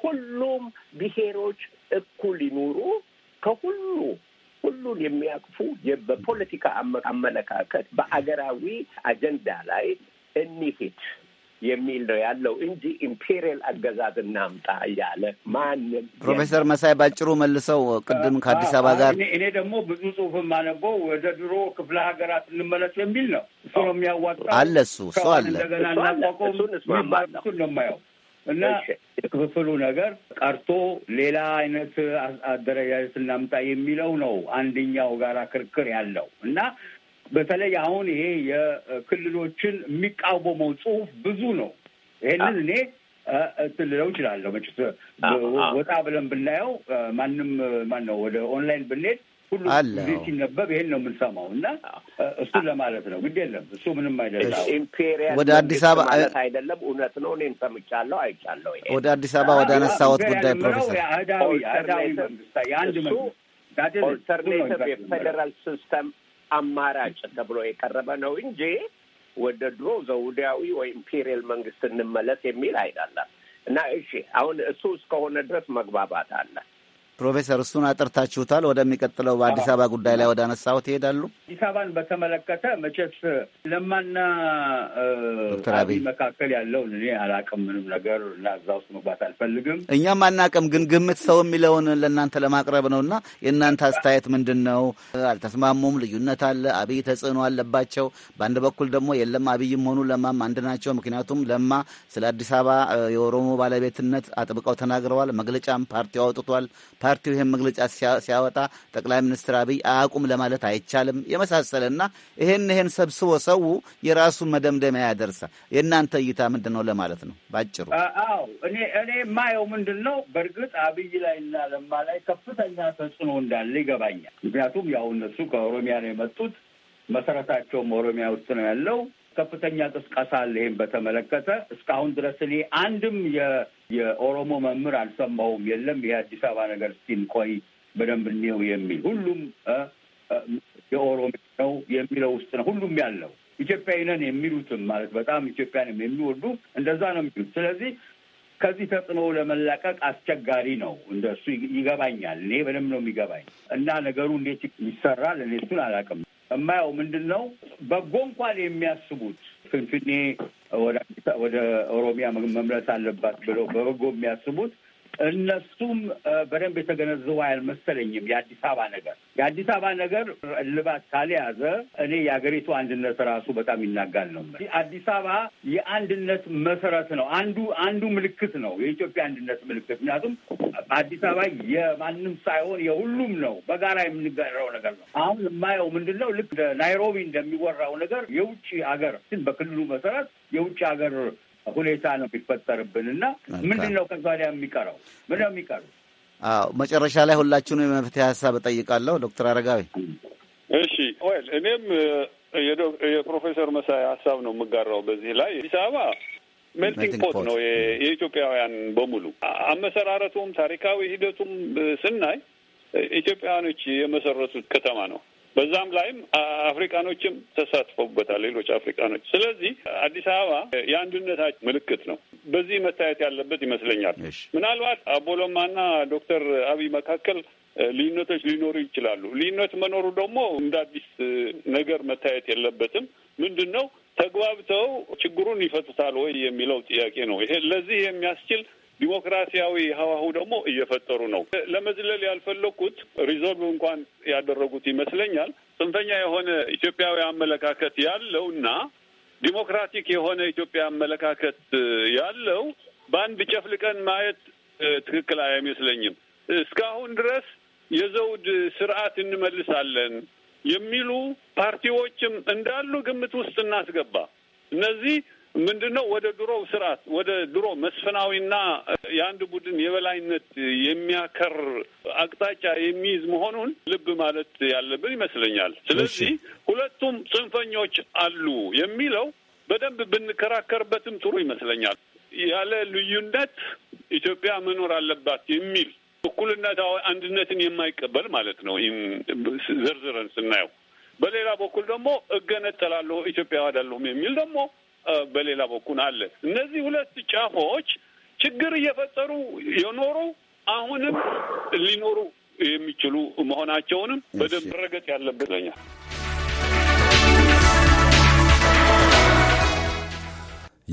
ሁሉም ብሔሮች እኩል ይኑሩ ከሁሉ ሁሉን የሚያቅፉ በፖለቲካ አመለካከት በአገራዊ አጀንዳ ላይ እንሂድ የሚል ነው ያለው እንጂ ኢምፔሪያል አገዛዝ እናምጣ እያለ ማንም። ፕሮፌሰር መሳይ ባጭሩ መልሰው ቅድም ከአዲስ አበባ ጋር እኔ ደግሞ ብዙ ጽሁፍ የማነበው ወደ ድሮ ክፍለ ሀገራት እንመለስ የሚል ነው። እሱ ነው የሚያዋጣ አለ እሱ እሱ አለ እንደገና እናቋቋም ነው የማየው እና የክፍፍሉ ነገር ቀርቶ ሌላ አይነት አደረጃጀት እናምጣ የሚለው ነው አንደኛው ጋራ ክርክር ያለው እና በተለይ አሁን ይሄ የክልሎችን የሚቃወመው ጽሁፍ ብዙ ነው። ይሄንን እኔ ትልለው ይችላለሁ። መቼስ ወጣ ብለን ብናየው ማንም ማን ነው ወደ ኦንላይን ብንሄድ ሁሉ ጊዜ ሲነበብ ይሄን ነው የምንሰማው እና እሱን ለማለት ነው። ግድ የለም እሱ ምንም አይደለም። ኢምፔሪያል ወደ አዲስ አበባ ማለት አይደለም። እውነት ነው። እኔም ሰምቻለሁ፣ አይቻለሁ። ይሄ ወደ አዲስ አበባ ወደ አነሳሁት ጉዳይ ፕሮፌሰር አህዳዊ አህዳዊ መንግስት የአንድ መንግስት ኦልተርኔቲቭ የፌዴራል ሲስተም አማራጭ ተብሎ የቀረበ ነው እንጂ ወደ ድሮ ዘውዳዊ ወይ ኢምፔሪያል መንግስት እንመለስ የሚል አይደለም እና እሺ፣ አሁን እሱ እስከሆነ ድረስ መግባባት አለ። ፕሮፌሰር እሱን አጥርታችሁታል። ወደሚቀጥለው በአዲስ አበባ ጉዳይ ላይ ወደ አነሳው ትሄዳሉ። አዲስ አበባን በተመለከተ መቼስ ለማና ዶክተር አብይ መካከል ያለውን እኔ አላቅም ምንም ነገር እና እዛ ውስጥ መግባት አልፈልግም። እኛም አናቅም፣ ግን ግምት ሰው የሚለውን ለእናንተ ለማቅረብ ነው እና የእናንተ አስተያየት ምንድን ነው? አልተስማሙም፣ ልዩነት አለ፣ አብይ ተጽዕኖ አለባቸው። በአንድ በኩል ደግሞ የለም አብይም ሆኑ ለማም አንድ ናቸው። ምክንያቱም ለማ ስለ አዲስ አበባ የኦሮሞ ባለቤትነት አጥብቀው ተናግረዋል። መግለጫም ፓርቲው አውጥቷል። ፓርቲው ይህን መግለጫ ሲያወጣ ጠቅላይ ሚኒስትር አብይ አያውቁም ለማለት አይቻልም። የመሳሰለና ይህን ይህን ሰብስቦ ሰው የራሱን መደምደሚያ ያደርሳል። የእናንተ እይታ ምንድን ነው ለማለት ነው ባጭሩ። አዎ እኔ እኔ የማየው ምንድን ነው በእርግጥ አብይ ላይ እና ለማ ላይ ከፍተኛ ተጽዕኖ እንዳለ ይገባኛል። ምክንያቱም ያው እነሱ ከኦሮሚያ ነው የመጡት፣ መሰረታቸውም ኦሮሚያ ውስጥ ነው ያለው ከፍተኛ ቅስቀሳ አለ። ይህም በተመለከተ እስካሁን ድረስ እኔ አንድም የኦሮሞ መምህር አልሰማሁም። የለም ይሄ አዲስ አበባ ነገር ሲል ቆይ በደንብ እኒው የሚል ሁሉም የኦሮሞ ነው የሚለው ውስጥ ነው ሁሉም ያለው ኢትዮጵያዊ ነን የሚሉትም ማለት በጣም ኢትዮጵያንም የሚወዱ እንደዛ ነው የሚሉት። ስለዚህ ከዚህ ተጽዕኖ ለመላቀቅ አስቸጋሪ ነው። እንደሱ ይገባኛል። እኔ በደንብ ነው የሚገባኝ እና ነገሩ እንዴት ይሰራል እኔ እሱን አላውቅም። የማየው ምንድን ነው በጎ እንኳን የሚያስቡት ፍንፍኔ ወደ ኦሮሚያ መምለስ አለባት ብለው በበጎ የሚያስቡት እነሱም በደንብ የተገነዘቡ አልመሰለኝም። የአዲስ አበባ ነገር የአዲስ አበባ ነገር እልባት ካልያዘ እኔ የሀገሪቱ አንድነት ራሱ በጣም ይናጋል ነው። አዲስ አበባ የአንድነት መሰረት ነው። አንዱ አንዱ ምልክት ነው፣ የኢትዮጵያ አንድነት ምልክት። ምክንያቱም አዲስ አበባ የማንም ሳይሆን የሁሉም ነው፣ በጋራ የምንገረው ነገር ነው። አሁን የማየው ምንድን ነው፣ ልክ ናይሮቢ እንደሚወራው ነገር የውጭ ሀገር በክልሉ መሰረት የውጭ ሀገር ሁኔታ ነው የሚፈጠርብን እና ምንድን ነው ከዛ ላይ የሚቀረው ምን የሚቀሩ? አዎ መጨረሻ ላይ ሁላችሁንም የመፍትሄ ሀሳብ እጠይቃለሁ። ዶክተር አረጋዊ እሺ ወይል እኔም የፕሮፌሰር መሳይ ሀሳብ ነው የምጋራው በዚህ ላይ አዲስ አበባ ሜልቲንግ ፖት ነው የኢትዮጵያውያን በሙሉ አመሰራረቱም ታሪካዊ ሂደቱም ስናይ ኢትዮጵያውያኖች የመሰረቱት ከተማ ነው በዛም ላይም አፍሪካኖችም ተሳትፈውበታል፣ ሌሎች አፍሪካኖች። ስለዚህ አዲስ አበባ የአንድነታችን ምልክት ነው። በዚህ መታየት ያለበት ይመስለኛል። ምናልባት አቦሎማና ዶክተር አብይ መካከል ልዩነቶች ሊኖሩ ይችላሉ። ልዩነት መኖሩ ደግሞ እንደ አዲስ ነገር መታየት የለበትም። ምንድን ነው ተግባብተው ችግሩን ይፈቱታል ወይ የሚለው ጥያቄ ነው። ይሄ ለዚህ የሚያስችል ዲሞክራሲያዊ ሀዋሁ ደግሞ እየፈጠሩ ነው። ለመዝለል ያልፈለግኩት ሪዞልቭ እንኳን ያደረጉት ይመስለኛል ጽንፈኛ የሆነ ኢትዮጵያዊ አመለካከት ያለው እና ዲሞክራቲክ የሆነ ኢትዮጵያ አመለካከት ያለው በአንድ ጨፍልቀን ማየት ትክክል አይመስለኝም። እስካሁን ድረስ የዘውድ ስርዓት እንመልሳለን የሚሉ ፓርቲዎችም እንዳሉ ግምት ውስጥ እናስገባ። እነዚህ ምንድን ነው ወደ ድሮው ስርዓት ወደ ድሮ መስፍናዊና የአንድ ቡድን የበላይነት የሚያከር አቅጣጫ የሚይዝ መሆኑን ልብ ማለት ያለብን ይመስለኛል። ስለዚህ ሁለቱም ጽንፈኞች አሉ የሚለው በደንብ ብንከራከርበትም ጥሩ ይመስለኛል። ያለ ልዩነት ኢትዮጵያ መኖር አለባት የሚል እኩልነት፣ አንድነትን የማይቀበል ማለት ነው። ይህም ዘርዝረን ስናየው በሌላ በኩል ደግሞ እገነጠላለሁ ኢትዮጵያ አይደለሁም የሚል ደግሞ በሌላ በኩል አለ። እነዚህ ሁለት ጫፎች ችግር እየፈጠሩ የኖሩ አሁንም ሊኖሩ የሚችሉ መሆናቸውንም በደንብ ረገጥ ያለበት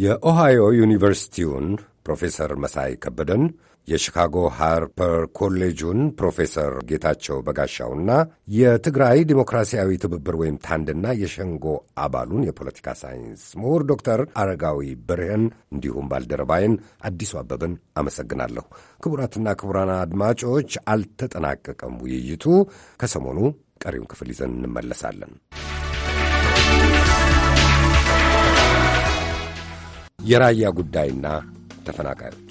የኦሃዮ ዩኒቨርሲቲውን ፕሮፌሰር መሳይ ከበደን የ ชิ ካጎ ሃርፐር ኮሌጁን ፕሮፌሰር ጌታቸው በጋሻውና የትግራይ ዲሞክራሲያዊ ትብብር ወይም ታንድና የሸንጎ አባሉን የፖለቲካ ሳይንስ ምሁር ዶክተር አረጋዊ ብርህን እንዲሁም ባልደረባይን አዲሱ አበብን አመሰግናለሁ። ክቡራትና ክቡራን አድማጮች አልተጠናቀቀም ውይይቱ። ከሰሞኑ ቀሪውን ክፍል ይዘን እንመለሳለን። የራያ ጉዳይና ተፈናቃዮች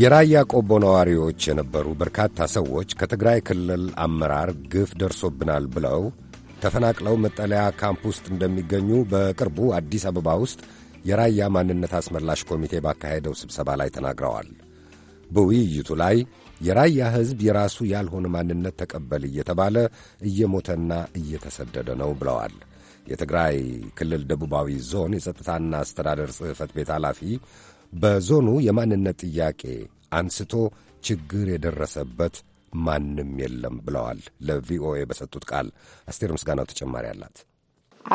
የራያ ቆቦ ነዋሪዎች የነበሩ በርካታ ሰዎች ከትግራይ ክልል አመራር ግፍ ደርሶብናል ብለው ተፈናቅለው መጠለያ ካምፕ ውስጥ እንደሚገኙ በቅርቡ አዲስ አበባ ውስጥ የራያ ማንነት አስመላሽ ኮሚቴ ባካሄደው ስብሰባ ላይ ተናግረዋል። በውይይቱ ላይ የራያ ሕዝብ የራሱ ያልሆነ ማንነት ተቀበል እየተባለ እየሞተና እየተሰደደ ነው ብለዋል። የትግራይ ክልል ደቡባዊ ዞን የጸጥታና አስተዳደር ጽሕፈት ቤት ኃላፊ በዞኑ የማንነት ጥያቄ አንስቶ ችግር የደረሰበት ማንም የለም ብለዋል። ለቪኦኤ በሰጡት ቃል አስቴር ምስጋናው ተጨማሪ አላት።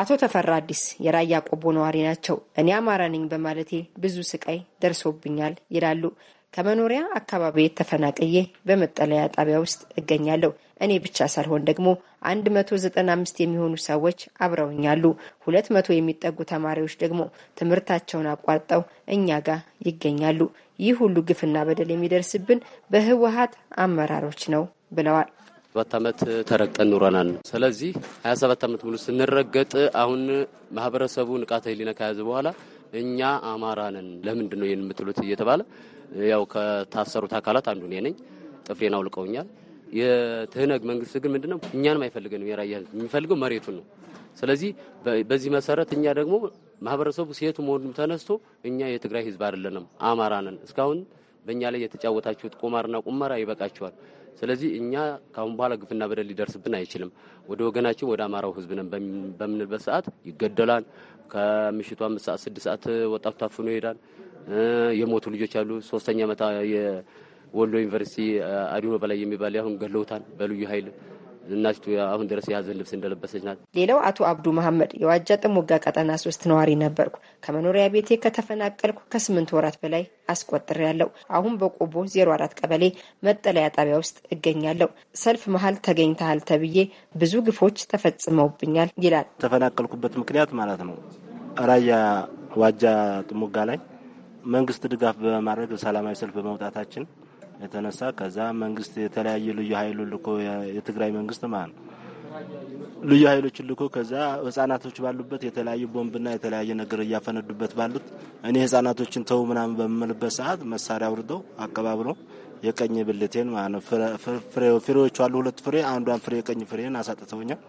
አቶ ተፈራ አዲስ የራያ ቆቦ ነዋሪ ናቸው። እኔ አማራ ነኝ በማለቴ ብዙ ስቃይ ደርሶብኛል ይላሉ። ከመኖሪያ አካባቢ ተፈናቅዬ በመጠለያ ጣቢያ ውስጥ እገኛለሁ። እኔ ብቻ ሳልሆን ደግሞ 195 የሚሆኑ ሰዎች አብረውኛሉ። 200 የሚጠጉ ተማሪዎች ደግሞ ትምህርታቸውን አቋርጠው እኛ ጋር ይገኛሉ። ይህ ሁሉ ግፍና በደል የሚደርስብን በህወሀት አመራሮች ነው ብለዋል። ሰባት ዓመት ተረግጠን ኑረናል። ስለዚህ 27 ዓመት ሙሉ ስንረገጥ አሁን ማህበረሰቡ ንቃተ ህሊና ከያዘ በኋላ እኛ አማራ ነን ለምንድን ነው የምትሉት እየተባለ ያው ከታሰሩት አካላት አንዱ እኔ ነኝ። ጥፍሬን አውልቀውኛል። የትህነግ መንግስት ግን ምንድነው እኛንም አይፈልገንም። የራያ ህዝብ የሚፈልገው መሬቱን ነው። ስለዚህ በዚህ መሰረት እኛ ደግሞ ማህበረሰቡ ሴቱ መሆኑም ተነስቶ እኛ የትግራይ ህዝብ አይደለንም፣ አማራ ነን። እስካሁን በእኛ ላይ የተጫወታችሁት ቁማርና ቁመራ ይበቃችኋል። ስለዚህ እኛ ካሁን በኋላ ግፍና በደል ሊደርስብን አይችልም። ወደ ወገናችን ወደ አማራው ህዝብ ነን በምንልበት ሰዓት ይገደላል። ከምሽቱ አምስት ሰዓት ስድስት ሰዓት ወጣቱ ታፍኖ ይሄዳል። የሞቱ ልጆች አሉ። ሶስተኛ መታ የወሎ ዩኒቨርሲቲ አዲኖ በላይ የሚባል አሁን ገለውታል በልዩ ኃይል እናቱ አሁን ድረስ የሀዘን ልብስ እንደለበሰች ናት። ሌላው አቶ አብዱ መሐመድ የዋጃ ጥሙጋ ቀጠና ሶስት ነዋሪ ነበርኩ። ከመኖሪያ ቤቴ ከተፈናቀልኩ ከስምንት ወራት በላይ አስቆጥር ያለው አሁን በቆቦ ዜሮ አራት ቀበሌ መጠለያ ጣቢያ ውስጥ እገኛለሁ። ሰልፍ መሀል ተገኝተሃል ተብዬ ብዙ ግፎች ተፈጽመውብኛል ይላል። የተፈናቀልኩበት ምክንያት ማለት ነው ራያ ዋጃ ጥሙጋ ላይ መንግስት ድጋፍ በማድረግ ሰላማዊ ሰልፍ በመውጣታችን የተነሳ ከዛ መንግስት የተለያየ ልዩ ኃይሉ ልኮ የትግራይ መንግስት ማለት ነው ልዩ ኃይሎችን ልኮ ከዛ ህጻናቶች ባሉበት የተለያዩ ቦምብና የተለያየ ነገር እያፈነዱበት ባሉት እኔ ህጻናቶችን ተው ምናምን በምልበት ሰዓት መሳሪያ አውርደው አቀባብሎ የቀኝ ብልቴን ማለት ነው ፍሬዎቹ አሉ ሁለት ፍሬ አንዷን ፍሬ የቀኝ ፍሬን አሳጥተውኛል።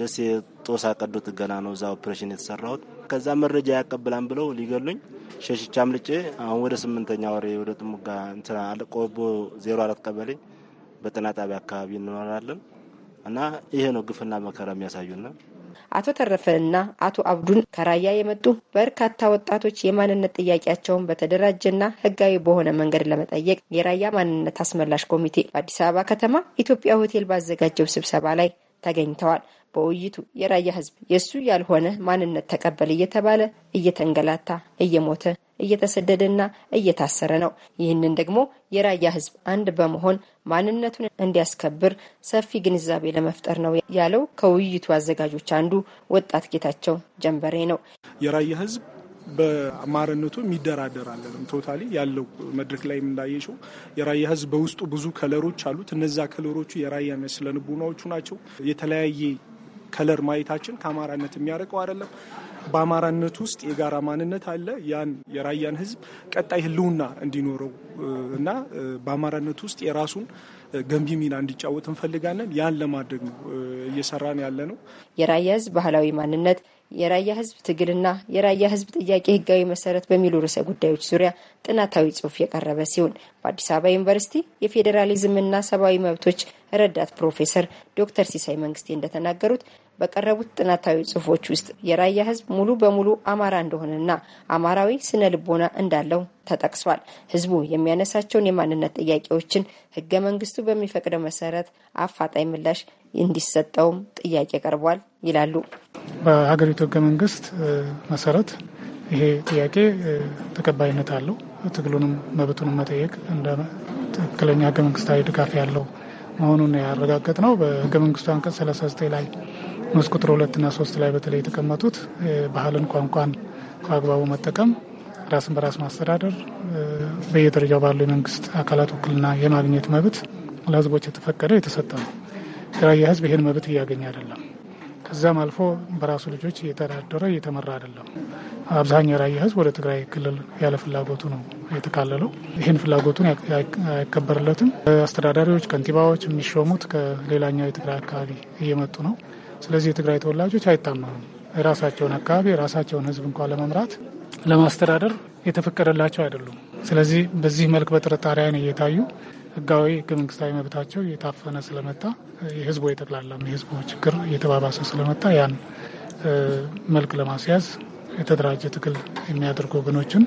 ደስ የጦሳ ቀዶ ጥገና ነው እዛ ኦፕሬሽን የተሰራሁት። ከዛ መረጃ ያቀብላን ብለው ሊገሉኝ ሸሽቻ አምልጬ አሁን ወደ ስምንተኛ ወሬ ወደ ጥሙጋ እንትና ቆቦ ዜሮ አራት ቀበሌ በጤና ጣቢያ አካባቢ እንኖራለን እና ይሄ ነው ግፍና መከራ የሚያሳዩና አቶ ተረፈንና አቶ አብዱን ከራያ የመጡ በርካታ ወጣቶች የማንነት ጥያቄያቸውን በተደራጀና ሕጋዊ በሆነ መንገድ ለመጠየቅ የራያ ማንነት አስመላሽ ኮሚቴ በአዲስ አበባ ከተማ ኢትዮጵያ ሆቴል ባዘጋጀው ስብሰባ ላይ ተገኝተዋል። በውይይቱ የራያ ህዝብ የእሱ ያልሆነ ማንነት ተቀበል እየተባለ እየተንገላታ እየሞተ እየተሰደደና እየታሰረ ነው። ይህንን ደግሞ የራያ ህዝብ አንድ በመሆን ማንነቱን እንዲያስከብር ሰፊ ግንዛቤ ለመፍጠር ነው ያለው ከውይይቱ አዘጋጆች አንዱ ወጣት ጌታቸው ጀንበሬ ነው። የራያ ህዝብ በአማርነቱ የሚደራደር አለንም። ቶታሊ ያለው መድረክ ላይ እንዳየሸው የራያ ህዝብ በውስጡ ብዙ ከለሮች አሉት። እነዛ ከለሮቹ የራያ ስነ ናቸው። የተለያየ ከለር ማየታችን ከአማራነት የሚያረቀው አይደለም። በአማራነት ውስጥ የጋራ ማንነት አለ። ያን የራያን ህዝብ ቀጣይ ህልውና እንዲኖረው እና በአማራነት ውስጥ የራሱን ገንቢ ሚና እንዲጫወት እንፈልጋለን። ያን ለማድረግ ነው እየሰራን ያለ ነው። የራያ ህዝብ ባህላዊ ማንነት የራያ ህዝብ ትግልና የራያ ህዝብ ጥያቄ ህጋዊ መሰረት በሚሉ ርዕሰ ጉዳዮች ዙሪያ ጥናታዊ ጽሑፍ የቀረበ ሲሆን በአዲስ አበባ ዩኒቨርሲቲ የፌዴራሊዝምና ሰብአዊ መብቶች ረዳት ፕሮፌሰር ዶክተር ሲሳይ መንግስቴ እንደተናገሩት በቀረቡት ጥናታዊ ጽሁፎች ውስጥ የራያ ህዝብ ሙሉ በሙሉ አማራ እንደሆነና አማራዊ ስነ ልቦና እንዳለው ተጠቅሷል። ህዝቡ የሚያነሳቸውን የማንነት ጥያቄዎችን ህገ መንግስቱ በሚፈቅደው መሰረት አፋጣኝ ምላሽ እንዲሰጠውም ጥያቄ ቀርቧል ይላሉ። በሀገሪቱ ህገ መንግስት መሰረት ይሄ ጥያቄ ተቀባይነት አለው። ትግሉንም መብቱንም መጠየቅ እንደ ትክክለኛ ህገ መንግስታዊ ድጋፍ ያለው መሆኑን ያረጋገጥ ነው። በህገ መንግስቱ አንቀጽ 39 ላይ ንዑስ ቁጥር ሁለትና ሶስት ላይ በተለይ የተቀመጡት ባህልን፣ ቋንቋን በአግባቡ መጠቀም፣ ራስን በራስ ማስተዳደር፣ በየደረጃው ባሉ የመንግስት አካላት ውክልና የማግኘት መብት ለህዝቦች የተፈቀደ የተሰጠ ነው። የራያ ህዝብ ይህን መብት እያገኘ አይደለም። ከዛም አልፎ በራሱ ልጆች እየተዳደረ እየተመራ አይደለም። አብዛኛው የራያ ህዝብ ወደ ትግራይ ክልል ያለ ፍላጎቱ ነው የተካለለው። ይህን ፍላጎቱን አይከበርለትም። አስተዳዳሪዎች፣ ከንቲባዎች የሚሾሙት ከሌላኛው የትግራይ አካባቢ እየመጡ ነው። ስለዚህ የትግራይ ተወላጆች አይታመኑም። የራሳቸውን አካባቢ የራሳቸውን ህዝብ እንኳ ለመምራት ለማስተዳደር የተፈቀደላቸው አይደሉም። ስለዚህ በዚህ መልክ በጥርጣሬ እየታዩ ህጋዊ ህገ መንግስታዊ መብታቸው እየታፈነ ስለመጣ የህዝቡ የጠቅላላም የህዝቡ ችግር እየተባባሰ ስለመጣ ያን መልክ ለማስያዝ የተደራጀ ትግል የሚያደርጉ ወገኖችን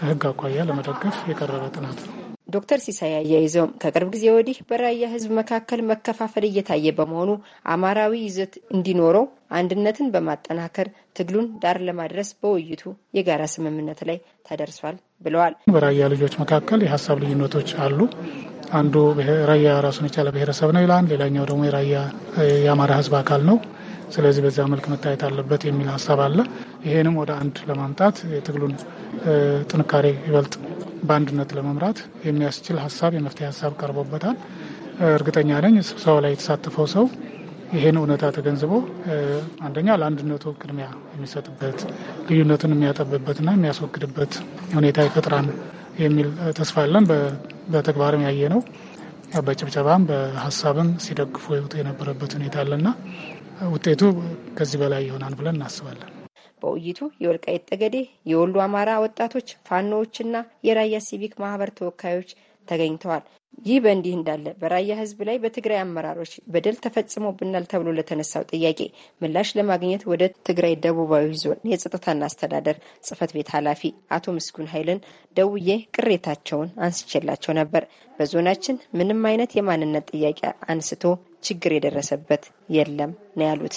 ከህግ አኳያ ለመደገፍ የቀረበ ጥናት ነው። ዶክተር ሲሳይ አያይዘውም ከቅርብ ጊዜ ወዲህ በራያ ህዝብ መካከል መከፋፈል እየታየ በመሆኑ አማራዊ ይዘት እንዲኖረው አንድነትን በማጠናከር ትግሉን ዳር ለማድረስ በውይይቱ የጋራ ስምምነት ላይ ተደርሷል ብለዋል። በራያ ልጆች መካከል የሀሳብ ልዩነቶች አሉ። አንዱ ራያ ራሱን የቻለ ብሔረሰብ ነው ይላል። ሌላኛው ደግሞ የራያ የአማራ ህዝብ አካል ነው። ስለዚህ በዛ መልክ መታየት አለበት የሚል ሀሳብ አለ። ይሄንም ወደ አንድ ለማምጣት የትግሉን ጥንካሬ ይበልጥ በአንድነት ለመምራት የሚያስችል ሀሳብ የመፍትሄ ሀሳብ ቀርቦበታል። እርግጠኛ ነኝ ስብሰባው ላይ የተሳተፈው ሰው ይሄን እውነታ ተገንዝቦ አንደኛ ለአንድነቱ ቅድሚያ የሚሰጥበት ልዩነቱን የሚያጠብበትና የሚያስወግድበት ሁኔታ ይፈጥራል የሚል ተስፋ አለን። በተግባርም ያየ ነው። በጭብጨባም በሀሳብም ሲደግፉ የነበረበት ሁኔታ አለና ውጤቱ ከዚህ በላይ ይሆናል ብለን እናስባለን። በውይይቱ የወልቃይት ጠገዴ፣ የወሎ አማራ ወጣቶች ፋኖዎችና የራያ ሲቪክ ማህበር ተወካዮች ተገኝተዋል። ይህ በእንዲህ እንዳለ በራያ ህዝብ ላይ በትግራይ አመራሮች በደል ተፈጽሞብናል ተብሎ ለተነሳው ጥያቄ ምላሽ ለማግኘት ወደ ትግራይ ደቡባዊ ዞን የጸጥታና አስተዳደር ጽህፈት ቤት ኃላፊ አቶ ምስጉን ኃይልን ደውዬ ቅሬታቸውን አንስቼላቸው ነበር። በዞናችን ምንም አይነት የማንነት ጥያቄ አንስቶ ችግር የደረሰበት የለም ነው ያሉት።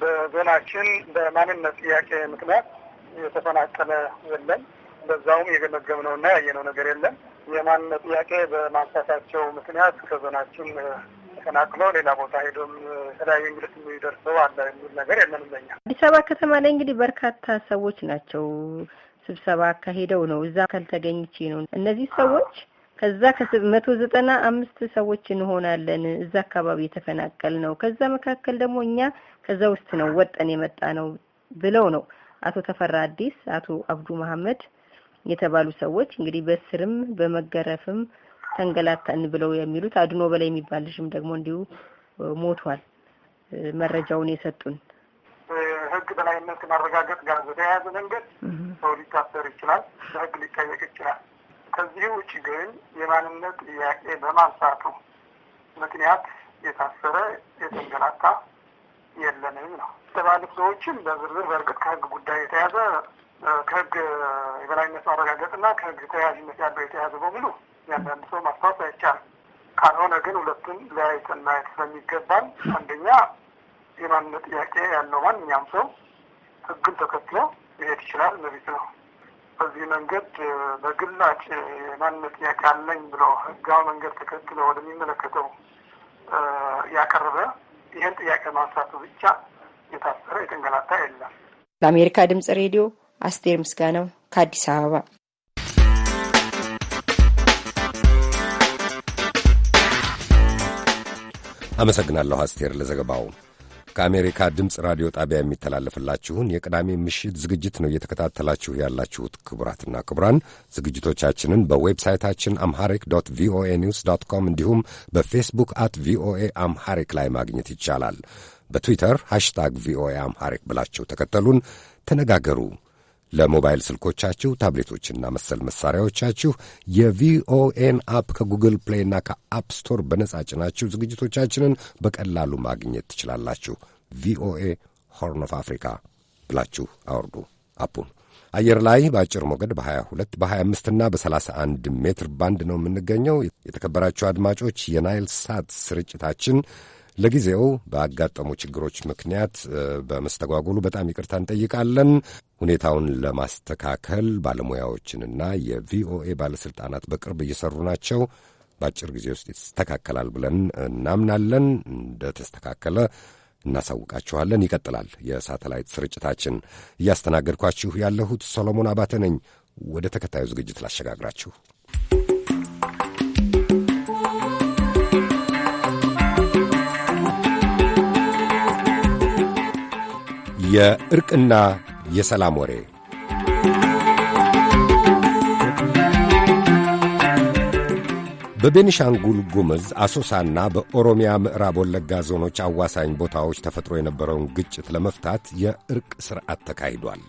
በዞናችን በማንነት ጥያቄ ምክንያት የተፈናቀለ የለም። በዛውም የገመገምነውና ያየነው ነገር የለም። የማንነት ጥያቄ በማንሳታቸው ምክንያት ከዞናችን ተፈናቅሎ ሌላ ቦታ ሄዶም የተለያዩ እንግልት የሚደርሰው አለ የሚል ነገር የለንም። በኛ አዲስ አበባ ከተማ ላይ እንግዲህ በርካታ ሰዎች ናቸው ስብሰባ አካሄደው ነው እዛ ካልተገኝቼ ነው እነዚህ ሰዎች ከዛ ከመቶ ዘጠና አምስት ሰዎች እንሆናለን እዛ አካባቢ የተፈናቀል ነው። ከዛ መካከል ደግሞ እኛ ከዛ ውስጥ ነው ወጠን የመጣ ነው ብለው ነው አቶ ተፈራ አዲስ፣ አቶ አብዱ መሐመድ የተባሉ ሰዎች እንግዲህ በስርም በመገረፍም ተንገላታን ብለው የሚሉት አድኖ በላይ የሚባል ልጅም ደግሞ እንዲሁ ሞቷል። መረጃውን የሰጡን ህግ በላይነት ማረጋገጥ ጋር በተያያዘ መንገድ ሰው ሊታሰር ይችላል፣ በህግ ሊጠየቅ ይችላል። ከዚህ ውጭ ግን የማንነት ጥያቄ በማንሳቱ ምክንያት የታሰረ የተንገላታ የለንም ነው። የተባሉት ሰዎችን በዝርዝር በእርግጥ ከህግ ጉዳይ የተያዘ ከህግ የበላይነት ማረጋገጥና ከህግ ተያያዥነት ያለው የተያዘ በሙሉ ያንዳንድ ሰው ማስታወስ አይቻልም። ካልሆነ ግን ሁለቱን ለያይተን ማየት ስለሚገባን አንደኛ የማንነት ጥያቄ ያለው ማንኛውም ሰው ህግን ተከትሎ መሄድ ይችላል መብት ነው። በዚህ መንገድ በግላጭ የማንነት ጥያቄ አለኝ ብሎ ህጋዊ መንገድ ተከትሎ ወደሚመለከተው ያቀረበ ይህን ጥያቄ ማንሳቱ ብቻ የታሰረ የተንገላታ የለም። ለአሜሪካ ድምጽ ሬዲዮ አስቴር ምስጋናው ከአዲስ አበባ። አመሰግናለሁ አስቴር ለዘገባው። ከአሜሪካ ድምፅ ራዲዮ ጣቢያ የሚተላለፍላችሁን የቅዳሜ ምሽት ዝግጅት ነው እየተከታተላችሁ ያላችሁት። ክቡራትና ክቡራን ዝግጅቶቻችንን በዌብሳይታችን አምሐሪክ ዶት ቪኦኤ ኒውስ ዶት ኮም እንዲሁም በፌስቡክ አት ቪኦኤ አምሐሪክ ላይ ማግኘት ይቻላል። በትዊተር ሃሽታግ ቪኦኤ አምሐሪክ ብላችሁ ተከተሉን፣ ተነጋገሩ። ለሞባይል ስልኮቻችሁ ታብሌቶችና መሰል መሳሪያዎቻችሁ የቪኦኤን አፕ ከጉግል ፕሌይና ከአፕ ስቶር በነጻ ጭናችሁ ዝግጅቶቻችንን በቀላሉ ማግኘት ትችላላችሁ። ቪኦኤ ሆርን ኦፍ አፍሪካ ብላችሁ አውርዱ አፑን። አየር ላይ በአጭር ሞገድ በ22 በ25 እና በ31 ሜትር ባንድ ነው የምንገኘው። የተከበራችሁ አድማጮች የናይል ሳት ስርጭታችን ለጊዜው በአጋጠሙ ችግሮች ምክንያት በመስተጓጎሉ በጣም ይቅርታ እንጠይቃለን። ሁኔታውን ለማስተካከል ባለሙያዎችንና የቪኦኤ ባለሥልጣናት በቅርብ እየሰሩ ናቸው። በአጭር ጊዜ ውስጥ ይስተካከላል ብለን እናምናለን። እንደተስተካከለ እናሳውቃችኋለን። ይቀጥላል የሳተላይት ስርጭታችን። እያስተናገድኳችሁ ያለሁት ሰሎሞን አባተ ነኝ። ወደ ተከታዩ ዝግጅት ላሸጋግራችሁ። የእርቅና የሰላም ወሬ በቤኒሻንጉል ጉምዝ አሶሳና በኦሮሚያ ምዕራብ ወለጋ ዞኖች አዋሳኝ ቦታዎች ተፈጥሮ የነበረውን ግጭት ለመፍታት የእርቅ ሥርዓት ተካሂዷል።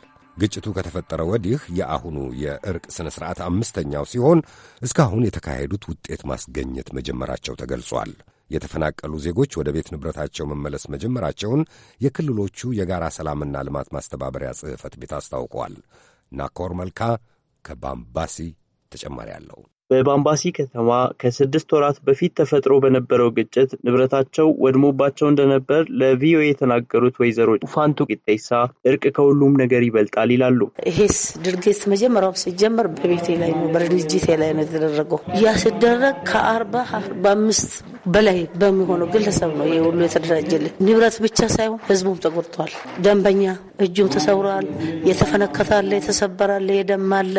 ግጭቱ ከተፈጠረ ወዲህ የአሁኑ የእርቅ ሥነ ሥርዓት አምስተኛው ሲሆን እስካሁን የተካሄዱት ውጤት ማስገኘት መጀመራቸው ተገልጿል። የተፈናቀሉ ዜጎች ወደ ቤት ንብረታቸው መመለስ መጀመራቸውን የክልሎቹ የጋራ ሰላምና ልማት ማስተባበሪያ ጽሕፈት ቤት አስታውቋል። ናኮር መልካ ከባምባሲ ተጨማሪ አለው። በባምባሲ ከተማ ከስድስት ወራት በፊት ተፈጥሮ በነበረው ግጭት ንብረታቸው ወድሞባቸው እንደነበር ለቪኦኤ የተናገሩት ወይዘሮ ፋንቱ ቂጤሳ እርቅ ከሁሉም ነገር ይበልጣል ይላሉ። ይሄስ ድርጊት መጀመሪያውም ሲጀመር በቤቴ ላይ ነው፣ በድርጅቴ ላይ ነው የተደረገው። ያ ሲደረግ ከአርባ አርባ አምስት በላይ በሚሆነው ግለሰብ ነው ይህ ሁሉ የተደራጀልን። ንብረት ብቻ ሳይሆን ህዝቡም ተጎድቷል። ደንበኛ እጁም ተሰውረዋል። የተፈነከታለ፣ የተሰበራለ፣ የደማለ፣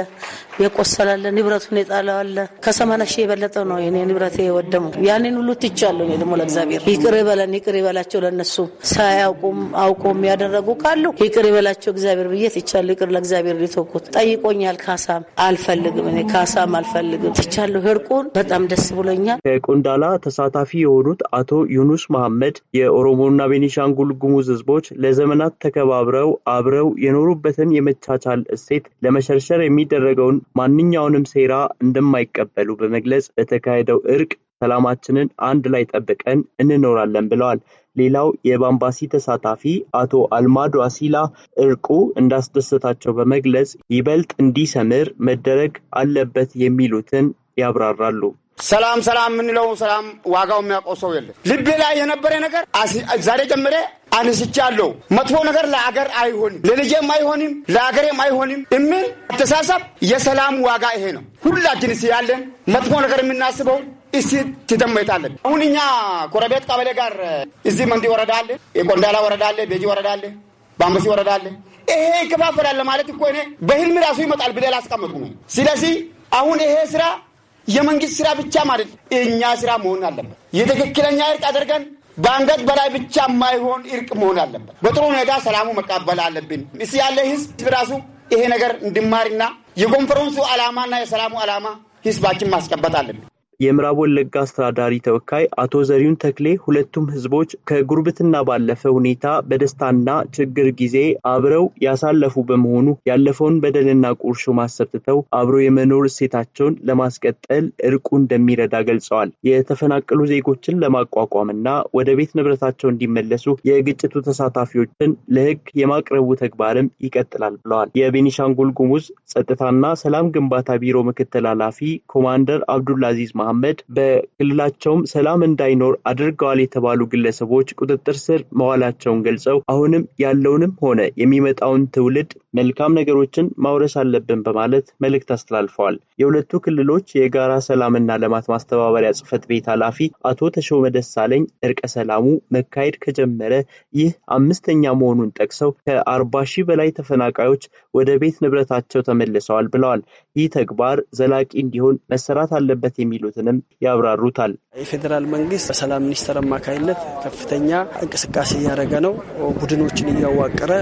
የቆሰላለ፣ ንብረቱን የጣለዋለ ከሰማንያ ሺህ የበለጠ ነው የኔ ንብረት የወደሙ። ያንን ሁሉ ትቻለሁ። እኔ ደግሞ ለእግዚአብሔር ይቅር ይበለን፣ ይቅር ይበላቸው። ለነሱ ሳያውቁም አውቆም ያደረጉ ካሉ ይቅር ይበላቸው እግዚአብሔር ብዬ ትቻለሁ። ይቅር ለእግዚአብሔር ሊተኩት ጠይቆኛል። ካሳም አልፈልግም፣ እኔ ካሳም አልፈልግም፣ ትቻለሁ። ህርቁን በጣም ደስ ብሎኛል። ከቆንዳላ ተሳታፊ የሆኑት አቶ ዩኑስ መሐመድ የኦሮሞና ቤኒሻንጉል ጉሙዝ ህዝቦች ለዘመናት ተከባብረው አብረው የኖሩበትን የመቻቻል እሴት ለመሸርሸር የሚደረገውን ማንኛውንም ሴራ እንደማይ እንደማይቀበሉ በመግለጽ በተካሄደው እርቅ ሰላማችንን አንድ ላይ ጠብቀን እንኖራለን ብለዋል። ሌላው የባምባሲ ተሳታፊ አቶ አልማዶ አሲላ እርቁ እንዳስደሰታቸው በመግለጽ ይበልጥ እንዲሰምር መደረግ አለበት የሚሉትን ያብራራሉ። ሰላም ሰላም የምንለው ሰላም ዋጋው የሚያውቀው ሰው የለም። ልቤ ላይ የነበረ ነገር ዛሬ ጀምሬ አንስቻለሁ። መጥፎ ነገር ለአገር አይሆንም፣ ለልጄም አይሆንም፣ ለአገሬም አይሆንም የሚል አተሳሰብ የሰላም ዋጋ ይሄ ነው። ሁላችን ስ ያለን መጥፎ ነገር የምናስበው እስቲ ትደመታለን። አሁን እኛ ጎረቤት ቀበሌ ጋር እዚህ መንዲ ወረዳ አለ፣ የቆንዳላ ወረዳ አለ፣ ቤጂ ወረዳ አለ፣ ባምበሲ ወረዳ አለ። ይሄ ይከፋፈላል ማለት እኮ እኔ በህልም ራሱ ይመጣል ብለህ ላስቀመጥኩ ነው። ስለዚህ አሁን ይሄ ስራ የመንግስት ስራ ብቻ ማለት እኛ ስራ መሆን አለበት። የትክክለኛ እርቅ አድርገን በአንገት በላይ ብቻ የማይሆን እርቅ መሆን አለበት። በጥሩ ሁኔታ ሰላሙ መቀበል አለብን። እስ ያለ ህዝብ ራሱ ይሄ ነገር እንድማርና የኮንፈረንሱ ዓላማና የሰላሙ ዓላማ ህዝባችን ማስቀበጥ አለብን። የምዕራብ ወለጋ አስተዳዳሪ ተወካይ አቶ ዘሪሁን ተክሌ ሁለቱም ህዝቦች ከጉርብትና ባለፈ ሁኔታ በደስታና ችግር ጊዜ አብረው ያሳለፉ በመሆኑ ያለፈውን በደልና ቁርሾ ማሰብ ትተው አብረው የመኖር እሴታቸውን ለማስቀጠል እርቁ እንደሚረዳ ገልጸዋል። የተፈናቀሉ ዜጎችን ለማቋቋምና ወደ ቤት ንብረታቸው እንዲመለሱ የግጭቱ ተሳታፊዎችን ለህግ የማቅረቡ ተግባርም ይቀጥላል ብለዋል። የቤኒሻንጉል ጉሙዝ ጸጥታና ሰላም ግንባታ ቢሮ ምክትል ኃላፊ ኮማንደር አብዱልአዚዝ መሐመድ በክልላቸውም ሰላም እንዳይኖር አድርገዋል የተባሉ ግለሰቦች ቁጥጥር ስር መዋላቸውን ገልጸው አሁንም ያለውንም ሆነ የሚመጣውን ትውልድ መልካም ነገሮችን ማውረስ አለብን በማለት መልእክት አስተላልፈዋል። የሁለቱ ክልሎች የጋራ ሰላምና ልማት ማስተባበሪያ ጽህፈት ቤት ኃላፊ አቶ ተሾመ ደሳለኝ እርቀ ሰላሙ መካሄድ ከጀመረ ይህ አምስተኛ መሆኑን ጠቅሰው ከአርባ ሺህ በላይ ተፈናቃዮች ወደ ቤት ንብረታቸው ተመልሰዋል ብለዋል። ይህ ተግባር ዘላቂ እንዲሆን መሰራት አለበት የሚሉት መሰራጨትንም ያብራሩታል። የፌዴራል መንግስት በሰላም ሚኒስቴር አማካኝነት ከፍተኛ እንቅስቃሴ እያደረገ ነው። ቡድኖችን እያዋቀረ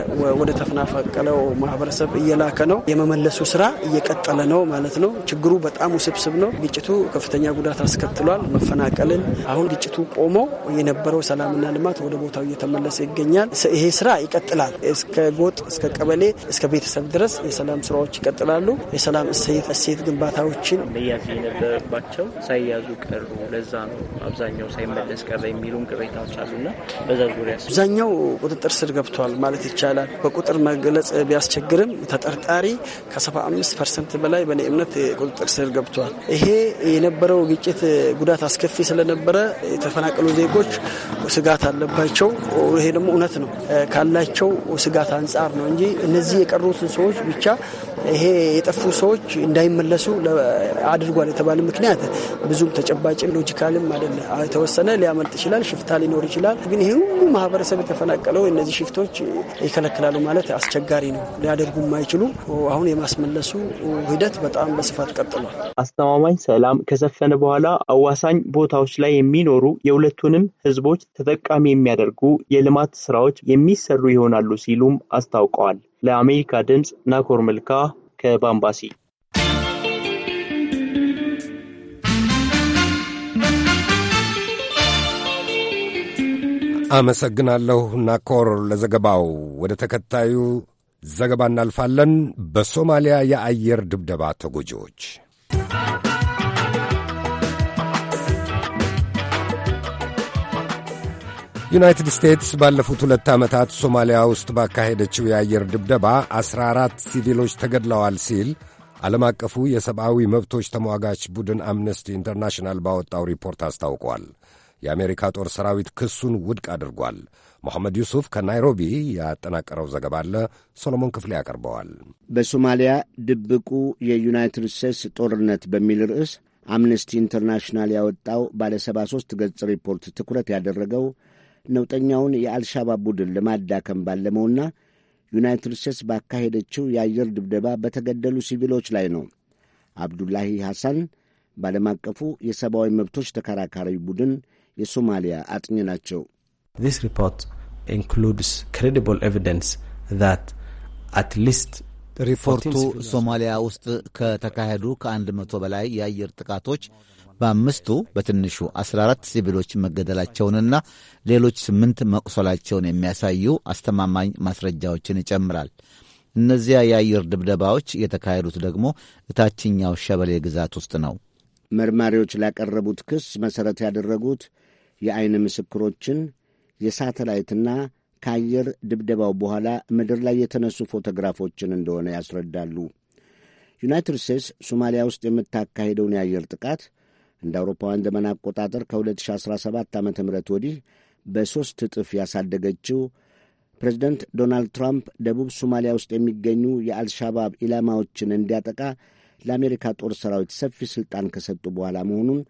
ወደ ተፈናፈቀለው ማህበረሰብ እየላከ ነው። የመመለሱ ስራ እየቀጠለ ነው ማለት ነው። ችግሩ በጣም ውስብስብ ነው። ግጭቱ ከፍተኛ ጉዳት አስከትሏል። መፈናቀልን አሁን ግጭቱ ቆሞ የነበረው ሰላምና ልማት ወደ ቦታው እየተመለሰ ይገኛል። ይሄ ስራ ይቀጥላል። እስከ ጎጥ፣ እስከ ቀበሌ፣ እስከ ቤተሰብ ድረስ የሰላም ስራዎች ይቀጥላሉ። የሰላም እሴት ግንባታዎችን መያዝ የነበረባቸው ሳይያዙ ቀሩ፣ ለዛ ነው አብዛኛው ሳይመለስ ቀረ የሚሉም ቅሬታዎች አሉና በዛ ዙሪያ አብዛኛው ቁጥጥር ስር ገብቷል ማለት ይቻላል። በቁጥር መግለጽ ቢያስቸግርም ተጠርጣሪ ከ75 ፐርሰንት በላይ በእኔ እምነት ቁጥጥር ስር ገብቷል። ይሄ የነበረው ግጭት ጉዳት አስከፊ ስለነበረ የተፈናቀሉ ዜጎች ስጋት አለባቸው። ይሄ ደግሞ እውነት ነው ካላቸው ስጋት አንጻር ነው እንጂ እነዚህ የቀሩትን ሰዎች ብቻ ይሄ የጠፉ ሰዎች እንዳይመለሱ አድርጓል የተባለ ምክንያት ብዙም ተጨባጭ ሎጂካልም አደለ። የተወሰነ ሊያመልጥ ይችላል፣ ሽፍታ ሊኖር ይችላል። ግን ይህ ሁሉ ማህበረሰብ የተፈናቀለው እነዚህ ሽፍቶች ይከለክላሉ ማለት አስቸጋሪ ነው። ሊያደርጉ የማይችሉ አሁን የማስመለሱ ሂደት በጣም በስፋት ቀጥሏል። አስተማማኝ ሰላም ከሰፈነ በኋላ አዋሳኝ ቦታዎች ላይ የሚኖሩ የሁለቱንም ህዝቦች ተጠቃሚ የሚያደርጉ የልማት ስራዎች የሚሰሩ ይሆናሉ ሲሉም አስታውቀዋል። ለአሜሪካ ድምፅ ናኮር መልካ ከባምባሲ አመሰግናለሁ ናኮር ለዘገባው። ወደ ተከታዩ ዘገባ እናልፋለን። በሶማሊያ የአየር ድብደባ ተጎጂዎች ዩናይትድ ስቴትስ ባለፉት ሁለት ዓመታት ሶማሊያ ውስጥ ባካሄደችው የአየር ድብደባ 14 ሲቪሎች ተገድለዋል ሲል ዓለም አቀፉ የሰብአዊ መብቶች ተሟጋች ቡድን አምነስቲ ኢንተርናሽናል ባወጣው ሪፖርት አስታውቋል። የአሜሪካ ጦር ሰራዊት ክሱን ውድቅ አድርጓል። መሐመድ ዩሱፍ ከናይሮቢ ያጠናቀረው ዘገባ አለ። ሶሎሞን ክፍሌ ያቀርበዋል። በሶማሊያ ድብቁ የዩናይትድ ስቴትስ ጦርነት በሚል ርዕስ አምነስቲ ኢንተርናሽናል ያወጣው ባለ 73 ገጽ ሪፖርት ትኩረት ያደረገው ነውጠኛውን የአልሻባብ ቡድን ለማዳከም ባለመውና ዩናይትድ ስቴትስ ባካሄደችው የአየር ድብደባ በተገደሉ ሲቪሎች ላይ ነው። አብዱላሂ ሐሳን በዓለም አቀፉ የሰብአዊ መብቶች ተከራካሪ ቡድን የሶማሊያ አጥኚ ናቸው። ዚስ ሪፖርት ኢንክሉድስ ክሬዲብል ኤቪደንስ ዛት አት ሊስት ሪፖርቱ ሶማሊያ ውስጥ ከተካሄዱ ከአንድ መቶ በላይ የአየር ጥቃቶች በአምስቱ በትንሹ 14 ሲቪሎች መገደላቸውንና ሌሎች ስምንት መቁሰላቸውን የሚያሳዩ አስተማማኝ ማስረጃዎችን ይጨምራል። እነዚያ የአየር ድብደባዎች የተካሄዱት ደግሞ እታችኛው ሸበሌ ግዛት ውስጥ ነው። መርማሪዎች ላቀረቡት ክስ መሠረት ያደረጉት የዐይን ምስክሮችን፣ የሳተላይትና ከአየር ድብደባው በኋላ ምድር ላይ የተነሱ ፎቶግራፎችን እንደሆነ ያስረዳሉ። ዩናይትድ ስቴትስ ሶማሊያ ውስጥ የምታካሄደውን የአየር ጥቃት እንደ አውሮፓውያን ዘመን አቆጣጠር ከ2017 ዓ ም ወዲህ በሦስት እጥፍ ያሳደገችው ፕሬዚደንት ዶናልድ ትራምፕ ደቡብ ሶማሊያ ውስጥ የሚገኙ የአልሻባብ ኢላማዎችን እንዲያጠቃ ለአሜሪካ ጦር ሰራዊት ሰፊ ሥልጣን ከሰጡ በኋላ መሆኑን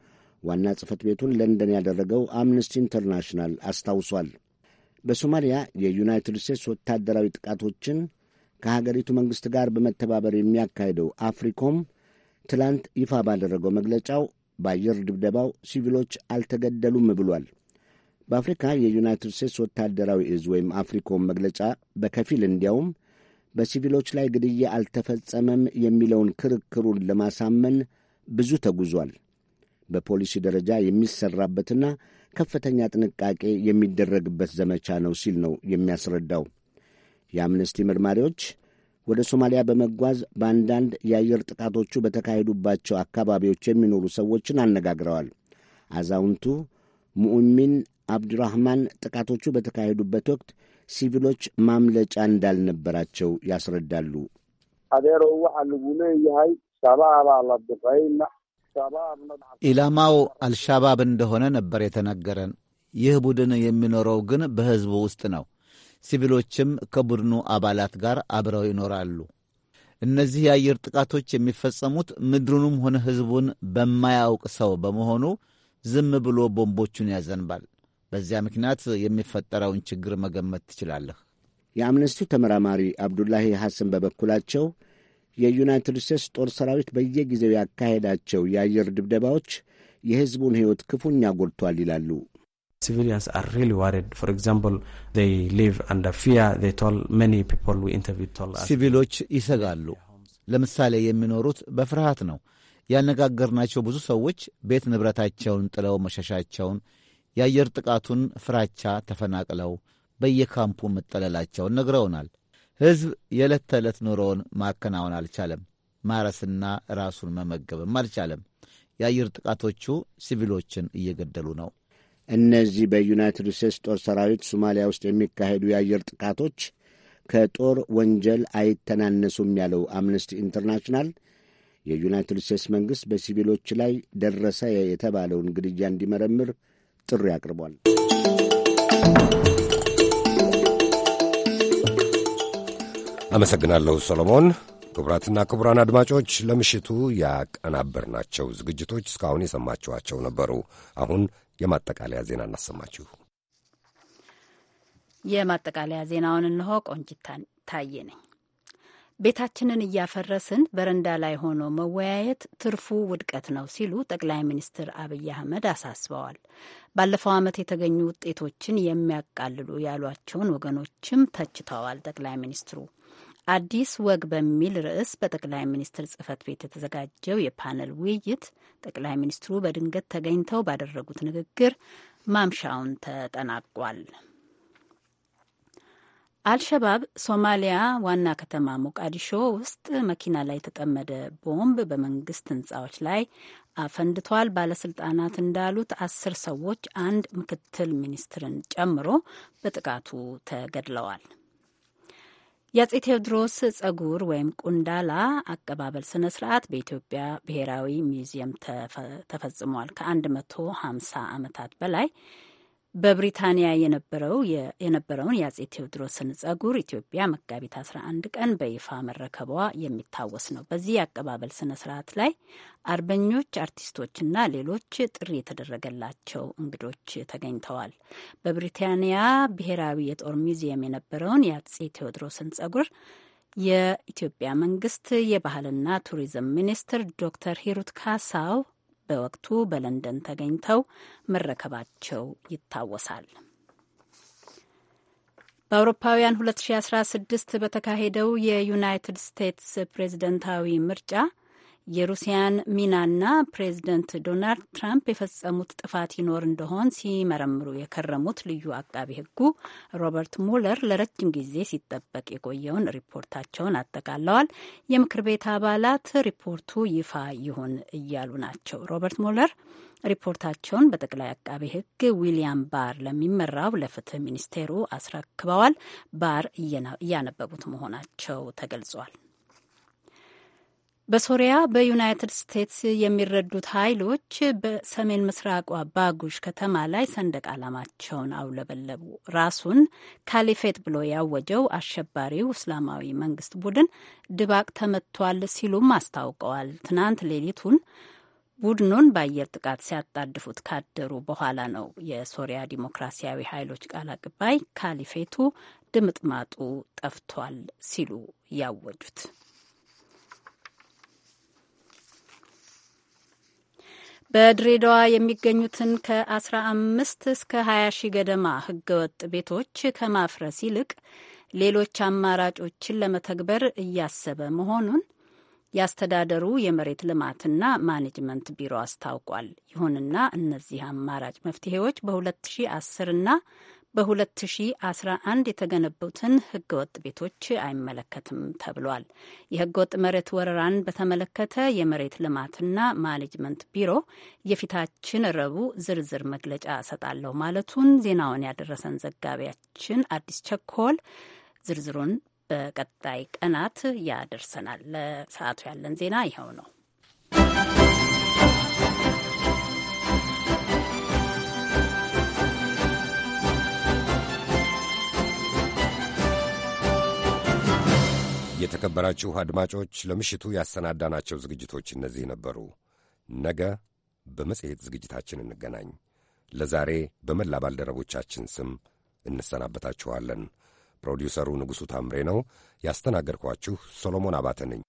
ዋና ጽህፈት ቤቱን ለንደን ያደረገው አምነስቲ ኢንተርናሽናል አስታውሷል። በሶማሊያ የዩናይትድ ስቴትስ ወታደራዊ ጥቃቶችን ከሀገሪቱ መንግሥት ጋር በመተባበር የሚያካሂደው አፍሪኮም ትላንት ይፋ ባደረገው መግለጫው በአየር ድብደባው ሲቪሎች አልተገደሉም ብሏል። በአፍሪካ የዩናይትድ ስቴትስ ወታደራዊ እዝ ወይም አፍሪኮም መግለጫ በከፊል እንዲያውም በሲቪሎች ላይ ግድያ አልተፈጸመም የሚለውን ክርክሩን ለማሳመን ብዙ ተጉዟል። በፖሊሲ ደረጃ የሚሰራበትና ከፍተኛ ጥንቃቄ የሚደረግበት ዘመቻ ነው ሲል ነው የሚያስረዳው። የአምነስቲ መርማሪዎች ወደ ሶማሊያ በመጓዝ በአንዳንድ የአየር ጥቃቶቹ በተካሄዱባቸው አካባቢዎች የሚኖሩ ሰዎችን አነጋግረዋል። አዛውንቱ ሙኡሚን አብዱራህማን ጥቃቶቹ በተካሄዱበት ወቅት ሲቪሎች ማምለጫ እንዳልነበራቸው ያስረዳሉ። አዴሮ waxaa lagu leeyahay ሰባ la duqeey ኢላማው አልሻባብ እንደሆነ ነበር የተነገረን። ይህ ቡድን የሚኖረው ግን በሕዝቡ ውስጥ ነው። ሲቪሎችም ከቡድኑ አባላት ጋር አብረው ይኖራሉ። እነዚህ የአየር ጥቃቶች የሚፈጸሙት ምድሩንም ሆነ ሕዝቡን በማያውቅ ሰው በመሆኑ ዝም ብሎ ቦምቦቹን ያዘንባል። በዚያ ምክንያት የሚፈጠረውን ችግር መገመት ትችላለህ። የአምነስቲው ተመራማሪ አብዱላሂ ሐሰን በበኩላቸው የዩናይትድ ስቴትስ ጦር ሰራዊት በየጊዜው ያካሄዳቸው የአየር ድብደባዎች የሕዝቡን ሕይወት ክፉኛ ጎድቷል ይላሉ። civilians are ሲቪሎች ይሰጋሉ። ለምሳሌ የሚኖሩት በፍርሃት ነው። ያነጋገርናቸው ብዙ ሰዎች ቤት ንብረታቸውን ጥለው መሸሻቸውን፣ የአየር ጥቃቱን ፍራቻ ተፈናቅለው በየካምፑ መጠለላቸውን ነግረውናል። ሕዝብ የዕለት ተዕለት ኑሮውን ማከናወን አልቻለም። ማረስና ራሱን መመገብም አልቻለም። የአየር ጥቃቶቹ ሲቪሎችን እየገደሉ ነው። እነዚህ በዩናይትድ ስቴትስ ጦር ሰራዊት ሶማሊያ ውስጥ የሚካሄዱ የአየር ጥቃቶች ከጦር ወንጀል አይተናነሱም ያለው አምነስቲ ኢንተርናሽናል የዩናይትድ ስቴትስ መንግሥት በሲቪሎች ላይ ደረሰ የተባለውን ግድያ እንዲመረምር ጥሪ አቅርቧል። አመሰግናለሁ ሰሎሞን። ክቡራትና ክቡራን አድማጮች ለምሽቱ ያቀናበርናቸው ዝግጅቶች እስካሁን የሰማችኋቸው ነበሩ። አሁን የማጠቃለያ ዜና እናሰማችሁ። የማጠቃለያ ዜናውን እንሆ። ቆንጅት ታየ ነኝ። ቤታችንን እያፈረስን በረንዳ ላይ ሆኖ መወያየት ትርፉ ውድቀት ነው ሲሉ ጠቅላይ ሚኒስትር አብይ አህመድ አሳስበዋል። ባለፈው ዓመት የተገኙ ውጤቶችን የሚያቃልሉ ያሏቸውን ወገኖችም ተችተዋል ጠቅላይ ሚኒስትሩ አዲስ ወግ በሚል ርዕስ በጠቅላይ ሚኒስትር ጽህፈት ቤት የተዘጋጀው የፓነል ውይይት ጠቅላይ ሚኒስትሩ በድንገት ተገኝተው ባደረጉት ንግግር ማምሻውን ተጠናቋል። አልሸባብ ሶማሊያ ዋና ከተማ ሞቃዲሾ ውስጥ መኪና ላይ የተጠመደ ቦምብ በመንግስት ህንጻዎች ላይ አፈንድቷል። ባለስልጣናት እንዳሉት አስር ሰዎች አንድ ምክትል ሚኒስትርን ጨምሮ በጥቃቱ ተገድለዋል። የአጼ ቴዎድሮስ ጸጉር ወይም ቁንዳላ አቀባበል ስነ ስርዓት በኢትዮጵያ ብሔራዊ ሚውዚየም ተፈጽሟል። ከ150 ዓመታት በላይ በብሪታንያ የነበረው የነበረውን የአጼ ቴዎድሮስን ጸጉር ኢትዮጵያ መጋቢት 11 ቀን በይፋ መረከቧ የሚታወስ ነው። በዚህ የአቀባበል ስነ ስርዓት ላይ አርበኞች፣ አርቲስቶችና ሌሎች ጥሪ የተደረገላቸው እንግዶች ተገኝተዋል። በብሪታንያ ብሔራዊ የጦር ሚውዚየም የነበረውን የአጼ ቴዎድሮስን ጸጉር የኢትዮጵያ መንግስት የባህልና ቱሪዝም ሚኒስትር ዶክተር ሂሩት ካሳው በወቅቱ በለንደን ተገኝተው መረከባቸው ይታወሳል። በአውሮፓውያን 2016 በተካሄደው የዩናይትድ ስቴትስ ፕሬዝደንታዊ ምርጫ የሩሲያን ሚናና ፕሬዚደንት ዶናልድ ትራምፕ የፈጸሙት ጥፋት ይኖር እንደሆን ሲመረምሩ የከረሙት ልዩ አቃቢ ሕጉ ሮበርት ሙለር ለረጅም ጊዜ ሲጠበቅ የቆየውን ሪፖርታቸውን አጠቃለዋል። የምክር ቤት አባላት ሪፖርቱ ይፋ ይሁን እያሉ ናቸው። ሮበርት ሙለር ሪፖርታቸውን በጠቅላይ አቃቢ ህግ ዊሊያም ባር ለሚመራው ለፍትህ ሚኒስቴሩ አስረክበዋል። ባር እያነበቡት መሆናቸው ተገልጿል። በሶሪያ በዩናይትድ ስቴትስ የሚረዱት ኃይሎች በሰሜን ምስራቋ ባጉሽ ከተማ ላይ ሰንደቅ ዓላማቸውን አውለበለቡ። ራሱን ካሊፌት ብሎ ያወጀው አሸባሪው እስላማዊ መንግስት ቡድን ድባቅ ተመቷል ሲሉም አስታውቀዋል። ትናንት ሌሊቱን ቡድኑን በአየር ጥቃት ሲያጣድፉት ካደሩ በኋላ ነው የሶሪያ ዲሞክራሲያዊ ኃይሎች ቃል አቀባይ ካሊፌቱ ድምጥማጡ ጠፍቷል ሲሉ ያወጁት። በድሬዳዋ የሚገኙትን ከ15 እስከ 20 ሺህ ገደማ ህገወጥ ቤቶች ከማፍረስ ይልቅ ሌሎች አማራጮችን ለመተግበር እያሰበ መሆኑን ያስተዳደሩ የመሬት ልማትና ማኔጅመንት ቢሮ አስታውቋል። ይሁንና እነዚህ አማራጭ መፍትሄዎች በ2010 እና በ2011 የተገነቡትን ህገወጥ ቤቶች አይመለከትም ተብሏል። የህገወጥ መሬት ወረራን በተመለከተ የመሬት ልማትና ማኔጅመንት ቢሮ የፊታችን ረቡዕ ዝርዝር መግለጫ እሰጣለሁ ማለቱን ዜናውን ያደረሰን ዘጋቢያችን አዲስ ቸኮል ዝርዝሩን በቀጣይ ቀናት ያደርሰናል። ለሰዓቱ ያለን ዜና ይኸው ነው። የተከበራችሁ አድማጮች ለምሽቱ ያሰናዳናቸው ዝግጅቶች እነዚህ ነበሩ። ነገ በመጽሔት ዝግጅታችን እንገናኝ። ለዛሬ በመላ ባልደረቦቻችን ስም እንሰናበታችኋለን። ፕሮዲውሰሩ ንጉሡ ታምሬ ነው። ያስተናገድኳችሁ ሶሎሞን አባተ ነኝ።